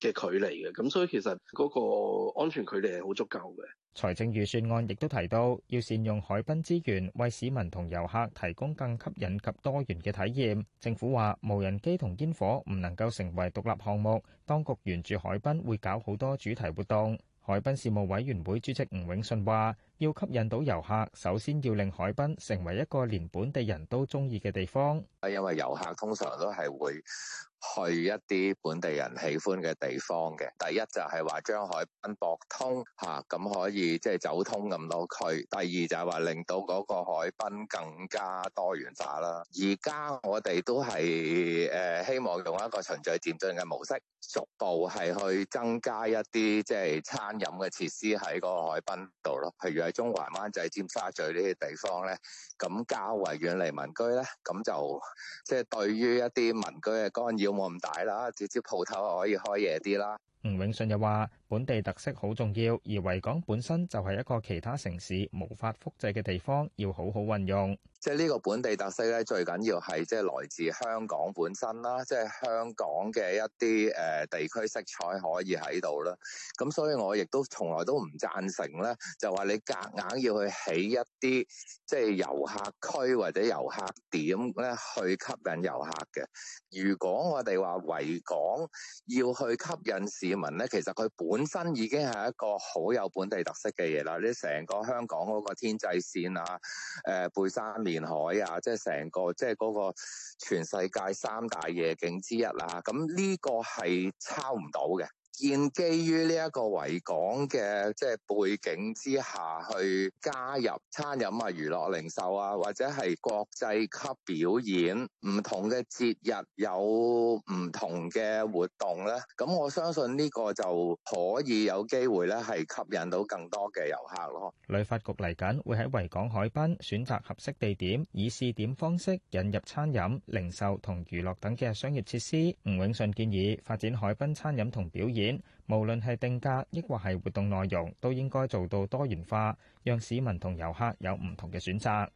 嘅距離嘅，咁所以其實嗰個安全距離係好足夠嘅。財政預算案亦都提到，要善用海濱資源，為市民同遊客提供更吸引及多元嘅體驗。政府話，無人機同煙火唔能夠成為獨立項目，當局沿住海濱會搞好多主題活動。海濱事務委員會主席吳永信話，要吸引到遊客，首先要令海濱成為一個連本地人都鍾意嘅地方。係因為遊客通常都係會。去一啲本地人喜歡嘅地方嘅，第一就係話將海濱駁通吓、啊，咁可以即係走通咁多區；第二就係話令到嗰個海濱更加多元化啦。而家我哋都係誒，希望用一個循序漸進嘅模式，逐步係去增加一啲即係餐飲嘅設施喺個海濱度咯。譬如喺中環灣仔、尖沙咀呢啲地方咧，咁較為遠離民居咧，咁就即係、就是、對於一啲民居嘅干擾。冇咁大啦，直接鋪頭可以開夜啲啦。吳永信又話。本地特色好重要，而維港本身就係一個其他城市無法複製嘅地方，要好好運用。即係呢個本地特色咧，最緊要係即係來自香港本身啦，即係香港嘅一啲誒地區色彩可以喺度啦。咁所以我亦都從來都唔贊成咧，就話，你夾硬要去起一啲即係遊客區或者遊客點咧，去吸引遊客嘅。如果我哋話維港要去吸引市民咧，其實佢本本身已經係一個好有本地特色嘅嘢啦，你成個香港嗰個天際線啊，誒、呃、背山連海啊，即係成個即係嗰個全世界三大夜景之一啦、啊，咁呢個係抄唔到嘅。建基於呢一個維港嘅即係背景之下去加入餐飲啊、娛樂、零售啊，或者係國際級表演，唔同嘅節日有唔同嘅活動咧。咁我相信呢個就可以有機會咧，係吸引到更多嘅遊客咯。旅發局嚟緊會喺維港海濱選擇合適地點，以試點方式引入餐飲、零售同娛樂等嘅商業設施。吳永信建議發展海濱餐飲同表演。無論係定價，抑或係活動內容，都應該做到多元化，讓市民同遊客有唔同嘅選擇。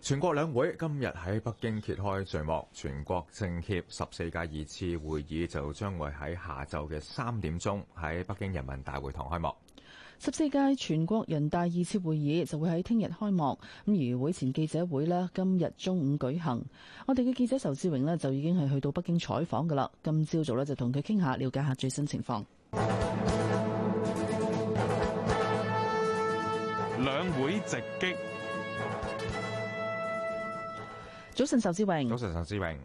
全國兩會今日喺北京揭開序幕，全國政協十四屆二次會議就將會喺下晝嘅三點鐘喺北京人民大會堂開幕。十四屆全國人大二次會議就會喺聽日開幕，咁而會前記者會呢，今日中午舉行。我哋嘅記者仇志榮呢就已經係去到北京採訪噶啦。今朝早呢，就同佢傾下，了解下最新情況。兩會直擊。早晨，仇志榮。早晨，仇志榮。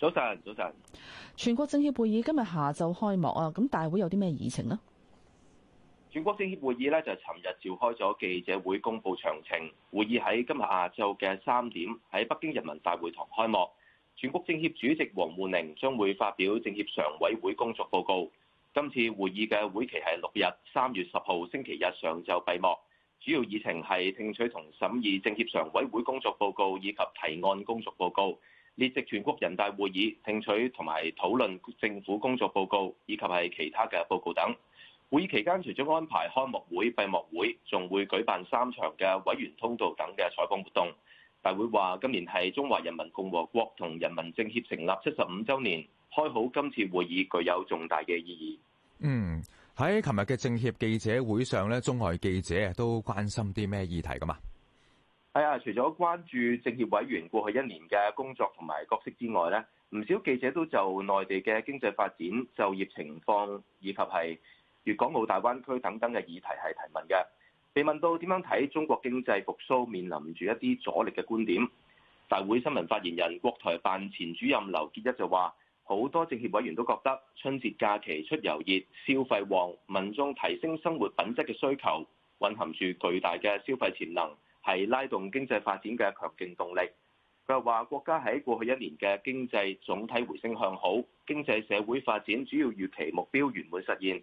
早晨，早晨。全國政協會議今日下晝開幕啊！咁大會有啲咩議程呢？全國政協會議呢就係尋日召開咗記者會，公布詳情。會議喺今日下晝嘅三點喺北京人民大會堂開幕。全國政協主席王滬寧將會發表政協常委會工作報告。今次會議嘅會期係六日，三月十號星期日上晝閉幕。主要議程係聽取同審議政協常委會工作報告以及提案工作報告，列席全國人大會議聽取同埋討論政府工作報告以及係其他嘅報告等。會議期間，除咗安排開幕會、閉幕會，仲會舉辦三場嘅委員通道等嘅採訪活動。大會話今年係中華人民共和國同人民政協成立七十五週年，開好今次會議具有重大嘅意義。嗯，喺琴日嘅政協記者會上咧，中外記者都關心啲咩議題㗎嘛？係啊、哎，除咗關注政協委員過去一年嘅工作同埋角色之外，呢唔少記者都就內地嘅經濟發展、就業情況以及係，粵港澳大灣區等等嘅議題係提問嘅，被問到點樣睇中國經濟復蘇面臨住一啲阻力嘅觀點。大會新聞發言人國台辦前主任劉結一就話，好多政協委員都覺得春節假期出遊熱消費旺、民眾提升生活品質嘅需求，蘊含住巨大嘅消費潛能，係拉動經濟發展嘅強勁動力。佢又話國家喺過去一年嘅經濟總體回升向好，經濟社會發展主要預期目標完滿實現。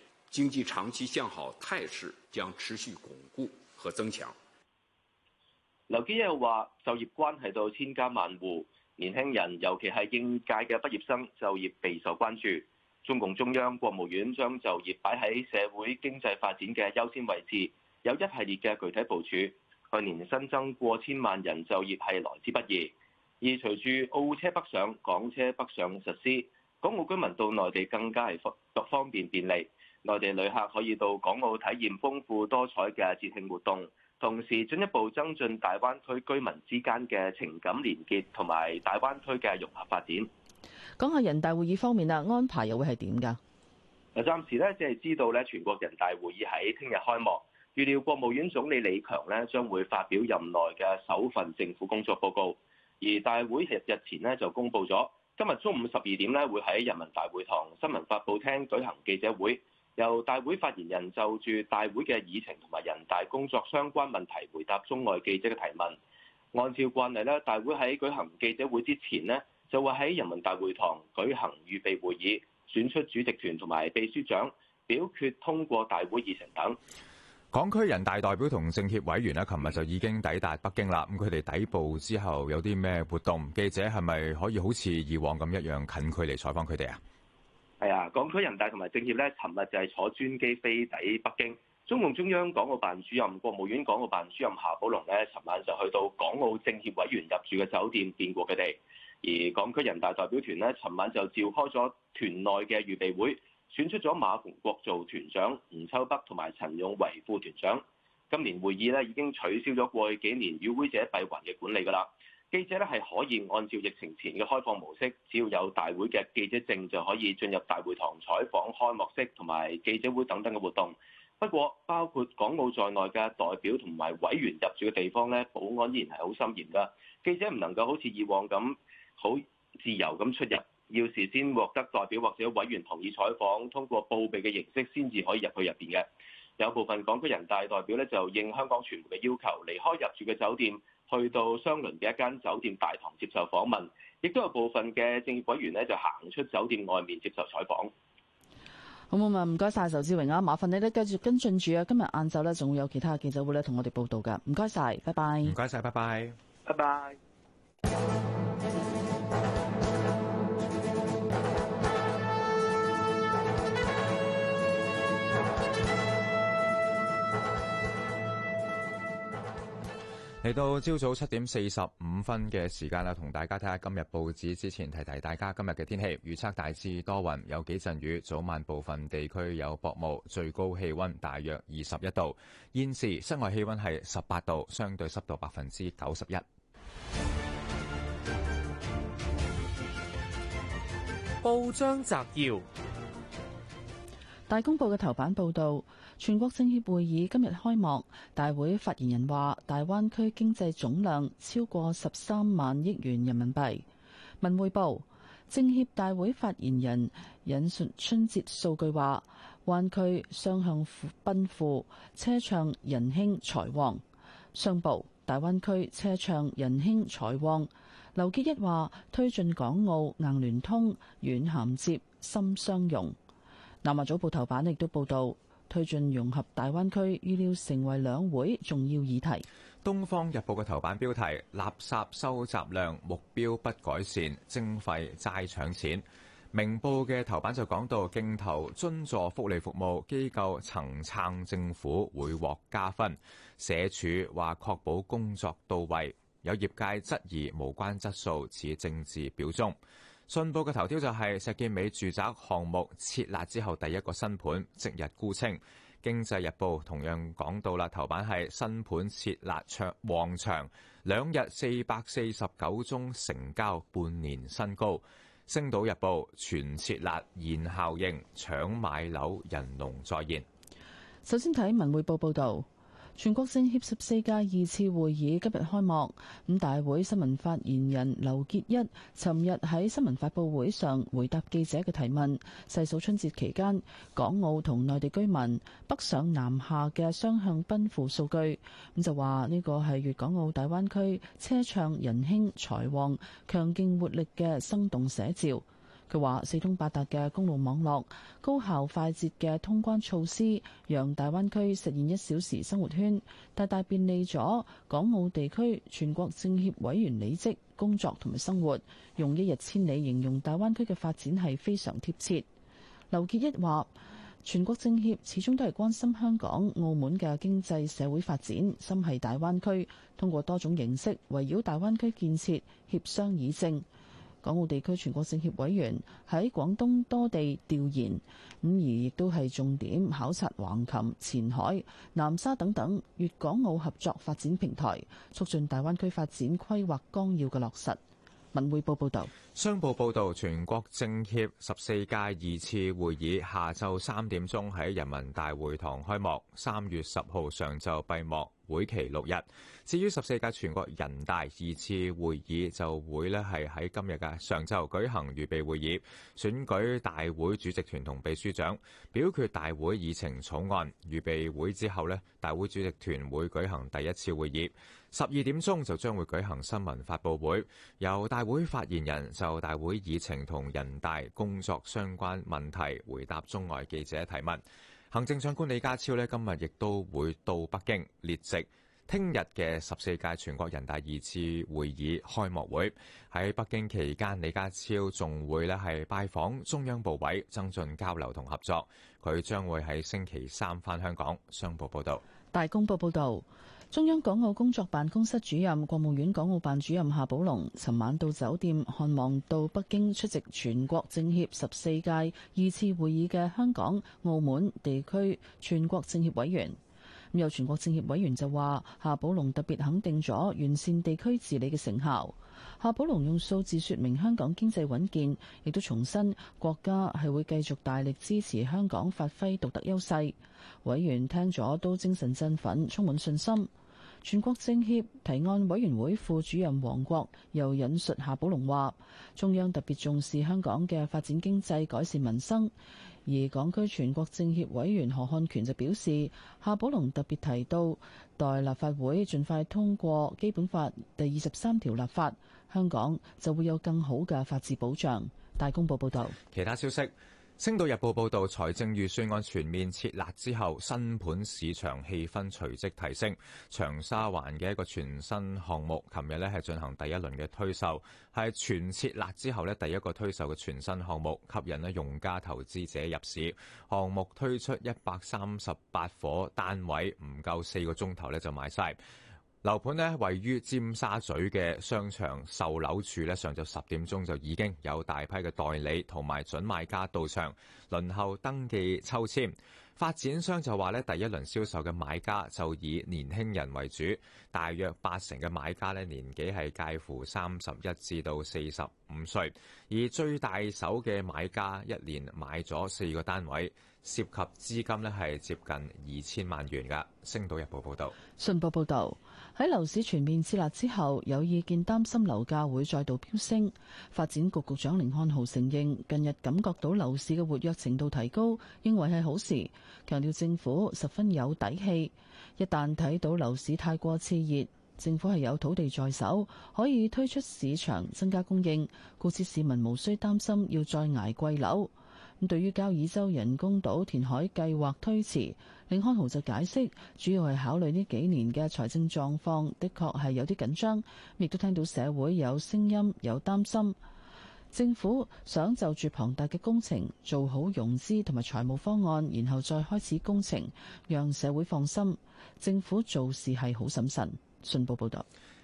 經濟長期向好態勢將持續鞏固和增強。劉基恩話：就業關係到千家萬戶，年輕人尤其係應屆嘅畢業生就業備受關注。中共中央國務院將就業擺喺社會經濟發展嘅優先位置，有一系列嘅具體部署。去年新增過千萬人就業係來之不易，而隨住澳車北上、港車北上實施，港澳居民到內地更加係方方便便利。內地旅客可以到港澳體驗豐富多彩嘅節慶活動，同時進一步增進大灣區居民之間嘅情感連結同埋大灣區嘅融合發展。講下人大會議方面啊，安排又會係點㗎？嗱，暫時咧即係知道咧，全國人大會議喺聽日開幕，預料國務院總理李強咧將會發表任內嘅首份政府工作報告。而大會日前咧就公布咗，今日中午十二點咧會喺人民大會堂新聞發佈廳舉行記者會。由大會發言人就住大會嘅議程同埋人大工作相關問題回答中外記者嘅提問。按照慣例咧，大會喺舉行記者會之前咧，就會喺人民大會堂舉行預備會議，選出主席團同埋秘書長，表決通過大會議程等。港區人大代表同政協委員咧，琴日就已經抵達北京啦。咁佢哋抵埗之後有啲咩活動？記者係咪可以好似以往咁一樣近距離採訪佢哋啊？係啊，港區人大同埋政協咧，尋日就係坐專機飛抵北京。中共中央港澳辦主任、國務院港澳辦主任夏寶龍咧，尋晚就去到港澳政協委員入住嘅酒店見過佢哋。而港區人大代表團呢，尋晚就召開咗團內嘅預備會，選出咗馬逢國做團長、吳秋北同埋陳勇為副團長。今年會議呢，已經取消咗過去幾年與會者閉環嘅管理㗎喇。記者咧係可以按照疫情前嘅開放模式，只要有大會嘅記者證就可以進入大會堂採訪開幕式同埋記者會等等嘅活動。不過，包括港澳在內嘅代表同埋委員入住嘅地方咧，保安依然係好森嚴㗎。記者唔能夠好似以往咁好自由咁出入，要事先獲得代表或者委員同意採訪，通過報備嘅形式先至可以入去入面嘅。有部分港區人大代表咧就應香港傳媒嘅要求，離開入住嘅酒店。去到雙輪嘅一間酒店大堂接受訪問，亦都有部分嘅政協委員呢就行出酒店外面接受採訪。好唔好嘛？唔該晒，仇志榮啊，麻煩你咧繼續跟進住啊。今日晏晝咧仲會有其他嘅記者會咧同我哋報道噶，唔該晒，拜拜。唔該曬，拜拜，拜拜。拜拜。嚟到朝早七點四十五分嘅時間啦，同大家睇下今日報紙之前，提提大家今日嘅天氣預測，大致多雲，有幾陣雨，早晚部分地區有薄霧，最高氣溫大約二十一度。現時室外氣溫係十八度，相對濕度百分之九十一。報章摘要，大公報嘅頭版報道。全國政協會議今日開幕，大會發言人話：大灣區經濟總量超過十三萬億元人民幣。文匯報政協大會發言人引述春節數據話，灣區雙向奔赴，車暢人興財旺。商報大灣區車暢人興財旺。劉結一話：推進港澳硬聯通、軟銜接、心相融。南華早報頭版亦都報道。推進融合大灣區，預料成為兩會重要議題。《東方日報》嘅頭版標題：垃圾收集量目標不改善，徵費齋搶錢。《明報》嘅頭版就講到，競投資助福利服務機構曾撐政府會獲加分，社署話確保工作到位，有業界質疑無關質素，似政治表忠。信報嘅頭條就係石建美住宅項目設立之後第一個新盤即日沽清。經濟日報同樣講到啦，頭版係新盤設立搶旺場兩日四百四十九宗成交，半年新高。星島日報全設立現效應搶買樓人龍再現。首先睇文匯報報道。全國政協十四屆二次會議今日開幕，咁大會新聞發言人劉結一尋日喺新聞發佈會上回答記者嘅提問，細數春節期間港澳同內地居民北上南下嘅雙向奔赴數據，咁就話呢個係粵港澳大灣區車暢人興財旺強勁活力嘅生動寫照。佢話：四通八達嘅公路網絡、高效快捷嘅通關措施，讓大灣區實現一小時生活圈，大大便利咗港澳地區全國政協委員履職工作同埋生活。用一日千里形容大灣區嘅發展係非常貼切。劉潔一話：全國政協始終都係關心香港、澳門嘅經濟社會發展，心係大灣區，通過多種形式圍繞大灣區建設協商議政。港澳地區全國政協委員喺廣東多地調研，咁而亦都係重點考察橫琴、前海、南沙等等粵港澳合作發展平台，促進大灣區發展規劃綱要嘅落實。文匯報報道，商報報道，全國政協十四屆二次會議下晝三點鐘喺人民大會堂開幕，三月十號上晝閉幕。會期六日，至於十四屆全國人大二次會議就會呢係喺今日嘅上晝舉行預備會議，選舉大會主席團同秘書長，表決大會議程草案。預備會之後呢，大會主席團會舉行第一次會議，十二點鐘就將會舉行新聞發佈會，由大會發言人就大會議程同人大工作相關問題回答中外記者提問。行政長官李家超咧今日亦都會到北京列席聽日嘅十四屆全國人大二次會議開幕會。喺北京期間，李家超仲會係拜訪中央部委，增進交流同合作。佢將會喺星期三返香港。商報報道。大公報報道。中央港澳工作辦公室主任、國務院港澳辦主任夏寶龍尋晚到酒店看望到北京出席全國政協十四屆二次會議嘅香港、澳門地區全國政協委員。有全國政協委員就話夏寶龍特別肯定咗完善地區治理嘅成效。夏寶龍用數字說明香港經濟穩健，亦都重申國家係會繼續大力支持香港發揮獨特優勢，委員聽咗都精神振奮，充滿信心。全國政協提案委員會副主任王國又引述夏寶龍話：中央特別重視香港嘅發展經濟、改善民生。而港區全國政協委員何漢權就表示，夏寶龍特別提到，待立法會盡快通過《基本法》第二十三條立法，香港就會有更好嘅法治保障。大公報報道其他消息。《星島日報，報道》報導，財政預算案全面設立之後，新盤市場氣氛隨即提升。長沙灣嘅一個全新項目，琴日呢係進行第一輪嘅推售，係全設立之後呢第一個推售嘅全新項目，吸引用家投資者入市。項目推出一百三十八伙單位，唔夠四個鐘頭呢就賣晒。樓盤呢位於尖沙咀嘅商場售樓處咧，上晝十點鐘就已經有大批嘅代理同埋準買家到場，輪候登記抽籤。發展商就話咧，第一輪銷售嘅買家就以年輕人為主，大約八成嘅買家呢年紀係介乎三十一至到四十五歲，而最大手嘅買家一年買咗四個單位，涉及資金呢係接近二千萬元嘅。星島日報報道。信報報道喺樓市全面熾熱之後，有意見擔心樓價會再度飆升。發展局局長甯漢豪承認，近日感覺到樓市嘅活躍程度提高，認為係好事，強調政府十分有底氣。一旦睇到樓市太過熾熱，政府係有土地在手，可以推出市場增加供應，故此市民無需擔心要再捱貴樓。對對於交椅洲人工島填海計劃推遲，甯漢豪就解釋，主要係考慮呢幾年嘅財政狀況，的確係有啲緊張。亦都聽到社會有聲音，有擔心政府想就住龐大嘅工程做好融資同埋財務方案，然後再開始工程，讓社會放心。政府做事係好審慎。信報報道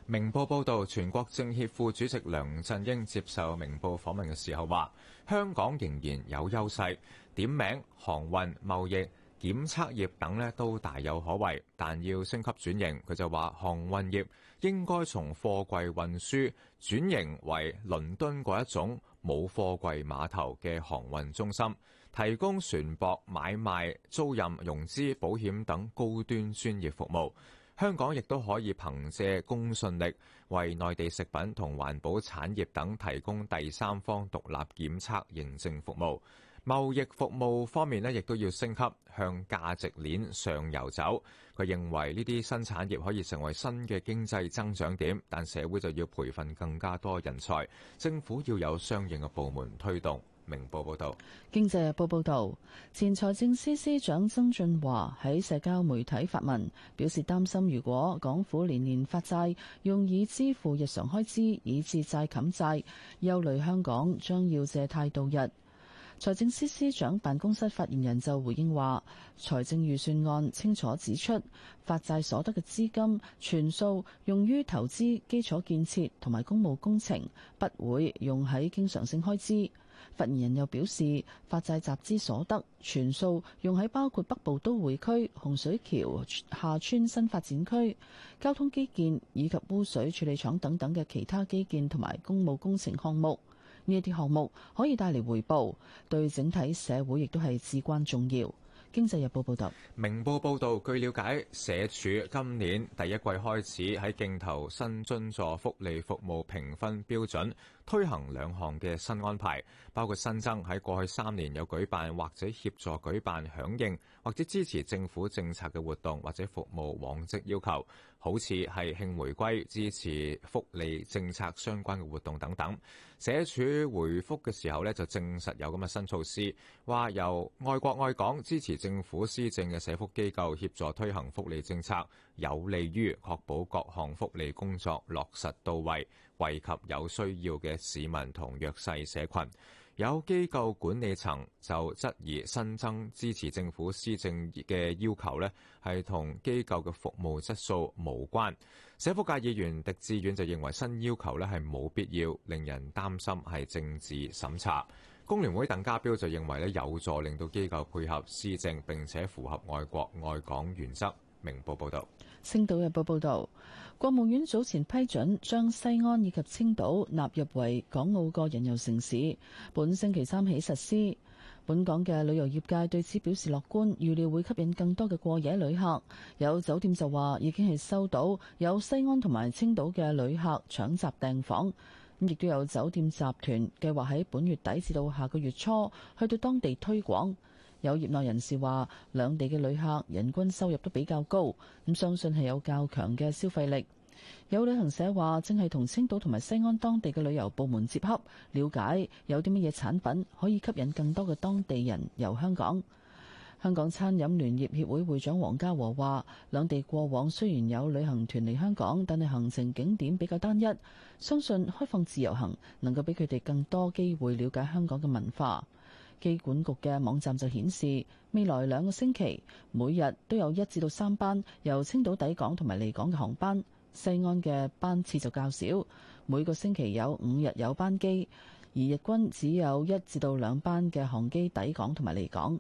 明報報導，全國政協副主席梁振英接受明報訪問嘅時候話：香港仍然有優勢，點名航運、貿易、檢測業等咧都大有可為。但要升級轉型，佢就話航運業應該從貨櫃運輸轉型為倫敦嗰一種冇貨櫃碼頭嘅航運中心，提供船舶買賣、租賃、融資、保險等高端專業服務。香港亦都可以憑借公信力，為內地食品同環保產業等提供第三方獨立檢測認證服務。貿易服務方面呢，亦都要升級，向價值鏈上游走。佢認為呢啲新產業可以成為新嘅經濟增長點，但社會就要培訓更加多人才，政府要有相應嘅部門推動。明報報道，《經濟日報》報導，前財政司司長曾俊華喺社交媒體發文，表示擔心，如果港府年年發債用以支付日常開支，以致債冚債，憂慮香港將要借貸度日。財政司司長辦公室發言人就回應話，財政預算案清楚指出，發債所得嘅資金全數用於投資基礎建設同埋公務工程，不會用喺經常性開支。發言人又表示，發債集資所得全數用喺包括北部都會區、洪水橋廈村新發展區、交通基建以及污水處理廠等等嘅其他基建同埋公務工程項目。呢一啲項目可以帶嚟回報，對整體社會亦都係至關重要。經濟日報報導，明報報導，據了解，社署今年第一季開始喺競投新津助福利服務評分標準，推行兩項嘅新安排，包括新增喺過去三年有舉辦或者協助舉辦響應、響應或者支持政府政策嘅活動或者服務往績要求。好似係慶回歸支持福利政策相關嘅活動等等。社署回覆嘅時候呢，就證實有咁嘅新措施，話由愛國愛港、支持政府施政嘅社福機構協助推行福利政策，有利於確保各項福利工作落實到位，惠及有需要嘅市民同弱勢社群。有機構管理層就質疑新增支持政府施政嘅要求呢，係同機構嘅服務質素無關。社福界議員狄志遠就認為新要求呢，係冇必要，令人擔心係政治審查。工聯會鄧家彪就認為呢，有助令到機構配合施政，並且符合愛國愛港原則。明報報道，星島日報報道，國務院早前批准將西安以及青島納入為港澳個人遊城市，本星期三起實施。本港嘅旅遊業界對此表示樂觀，預料會吸引更多嘅過夜旅客。有酒店就話已經係收到有西安同埋青島嘅旅客搶集訂房，咁亦都有酒店集團計劃喺本月底至到下個月初去到當地推廣。有業內人士話，兩地嘅旅客人均收入都比較高，咁相信係有較強嘅消費力。有旅行社話，正係同青島同埋西安當地嘅旅遊部門接洽，了解有啲乜嘢產品可以吸引更多嘅當地人遊香港。香港餐飲聯業協會會長黃家和話，兩地過往雖然有旅行團嚟香港，但係行程景點比較單一，相信開放自由行能夠俾佢哋更多機會了解香港嘅文化。機管局嘅網站就顯示，未來兩個星期，每日都有一至到三班由青島抵港同埋離港嘅航班。西安嘅班次就較少，每個星期有五日有班機，而日均只有一至到兩班嘅航機抵港同埋離港。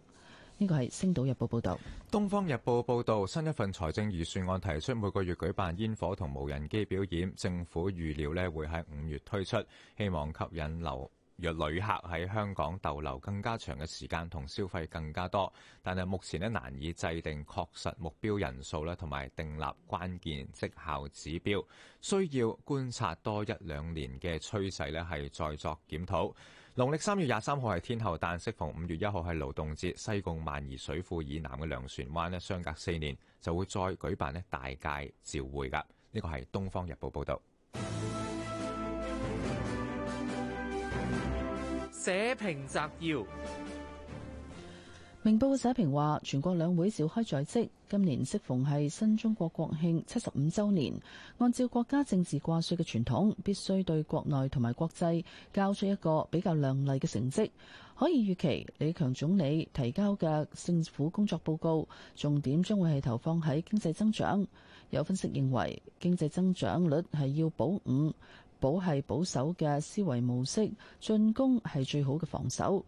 呢個係《星島日報》報導。《東方日報》報導，新一份財政預算案提出每個月舉辦煙火同無人機表演，政府預料呢會喺五月推出，希望吸引流。若旅客喺香港逗留更加長嘅時間同消費更加多，但係目前呢難以制定確實目標人數咧，同埋訂立關鍵績效指標，需要觀察多一兩年嘅趨勢咧，係再作檢討。農曆三月廿三號係天后誕，適逢五月一號係勞動節，西貢萬宜水庫以南嘅糧船灣咧，相隔四年就會再舉辦咧大界召會噶。呢個係東方日報報道。社評摘要，明報嘅社評話：全國兩會召開在即，今年適逢係新中國國慶七十五周年，按照國家政治掛帥嘅傳統，必須對國內同埋國際交出一個比較亮麗嘅成績。可以預期，李強總理提交嘅政府工作報告重點將會係投放喺經濟增長。有分析認為，經濟增長率係要保五。保係保守嘅思維模式，進攻係最好嘅防守。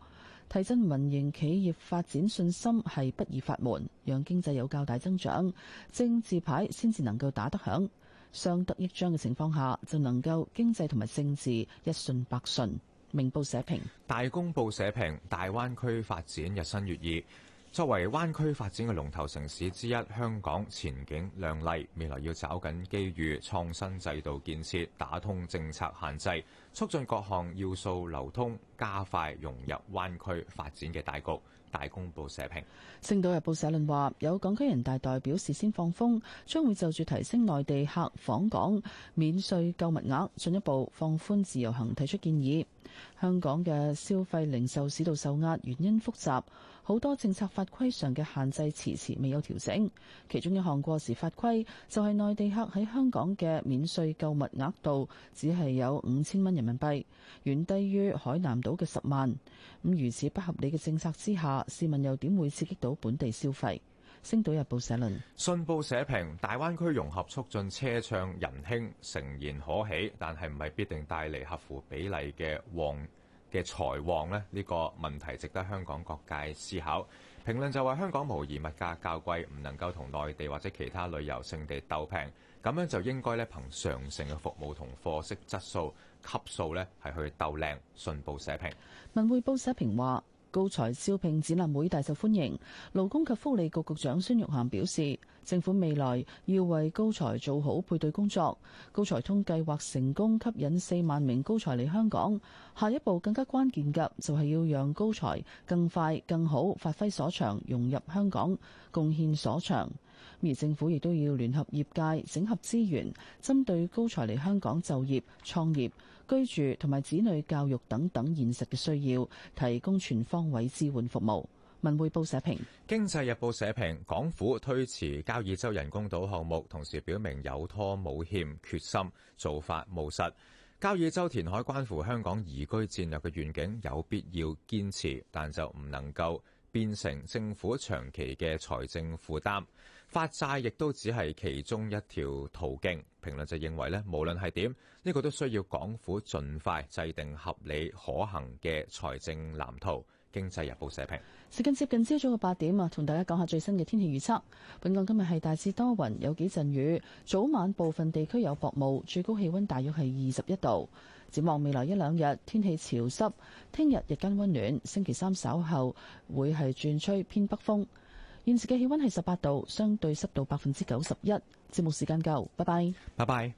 提振民營企業發展信心係不易法門，讓經濟有較大增長，政治牌先至能夠打得響，相得益彰嘅情況下，就能夠經濟同埋政治一順百順。明報社評。大公報社評，大灣區發展日新月異。作為灣區發展嘅龍頭城市之一，香港前景亮麗，未來要抓緊機遇，創新制度建設，打通政策限制，促進各項要素流通，加快融入灣區發展嘅大局。大公報社評，《星島日報》社論話：有港區人大代表事先放風，將會就住提升內地客訪港免稅購物額，進一步放寬自由行，提出建議。香港嘅消費零售市道受壓，原因複雜。好多政策法規上嘅限制遲遲遲未有調整，其中一項過時法規就係內地客喺香港嘅免稅購物額度，只係有五千蚊人民幣遠低於海南島嘅十萬，咁如此不合理嘅政策之下，市民又點會刺激到本地消費？星島日報社論，信報社評：大灣區融合促進車暢人興，誠然可喜，但係唔係必定帶嚟合乎比例嘅旺。嘅財旺咧，呢、呢個問題值得香港各界思考。評論就話香港無疑物價較貴，唔能夠同內地或者其他旅遊勝地鬥平，咁樣就應該咧憑常性嘅服務同貨色質素級數呢，係去鬥靚。信報社評、文匯報社評話。高才招聘展覽會大受歡迎，勞工及福利局局,局長孫玉菡表示，政府未來要為高才做好配對工作。高才通計劃成功吸引四萬名高才嚟香港，下一步更加關鍵嘅就係要讓高才更快、更好發揮所長，融入香港，貢獻所長。而政府亦都要聯合業界，整合資源，針對高才嚟香港就業、創業。居住同埋子女教育等等現實嘅需要，提供全方位支援服務。文匯報社評。經濟日報社評：港府推遲交椅洲人工島項目，同時表明有拖冇欠決心做法務實。交椅洲填海關乎香港宜居戰略嘅願景，有必要堅持，但就唔能夠變成政府長期嘅財政負擔。發債亦都只係其中一條途徑，評論就認為呢無論係點，呢個都需要港府盡快制定合理可行嘅財政藍圖。經濟日報社評。時間接近朝早嘅八點啊，同大家講下最新嘅天氣預測。本港今日係大致多雲，有幾陣雨，早晚部分地區有薄霧，最高氣温大約係二十一度。展望未來一兩日，天氣潮濕，聽日日間温暖，星期三稍後會係轉吹偏北風。現時嘅氣溫係十八度，相對濕度百分之九十一。節目時間夠，拜拜。拜拜。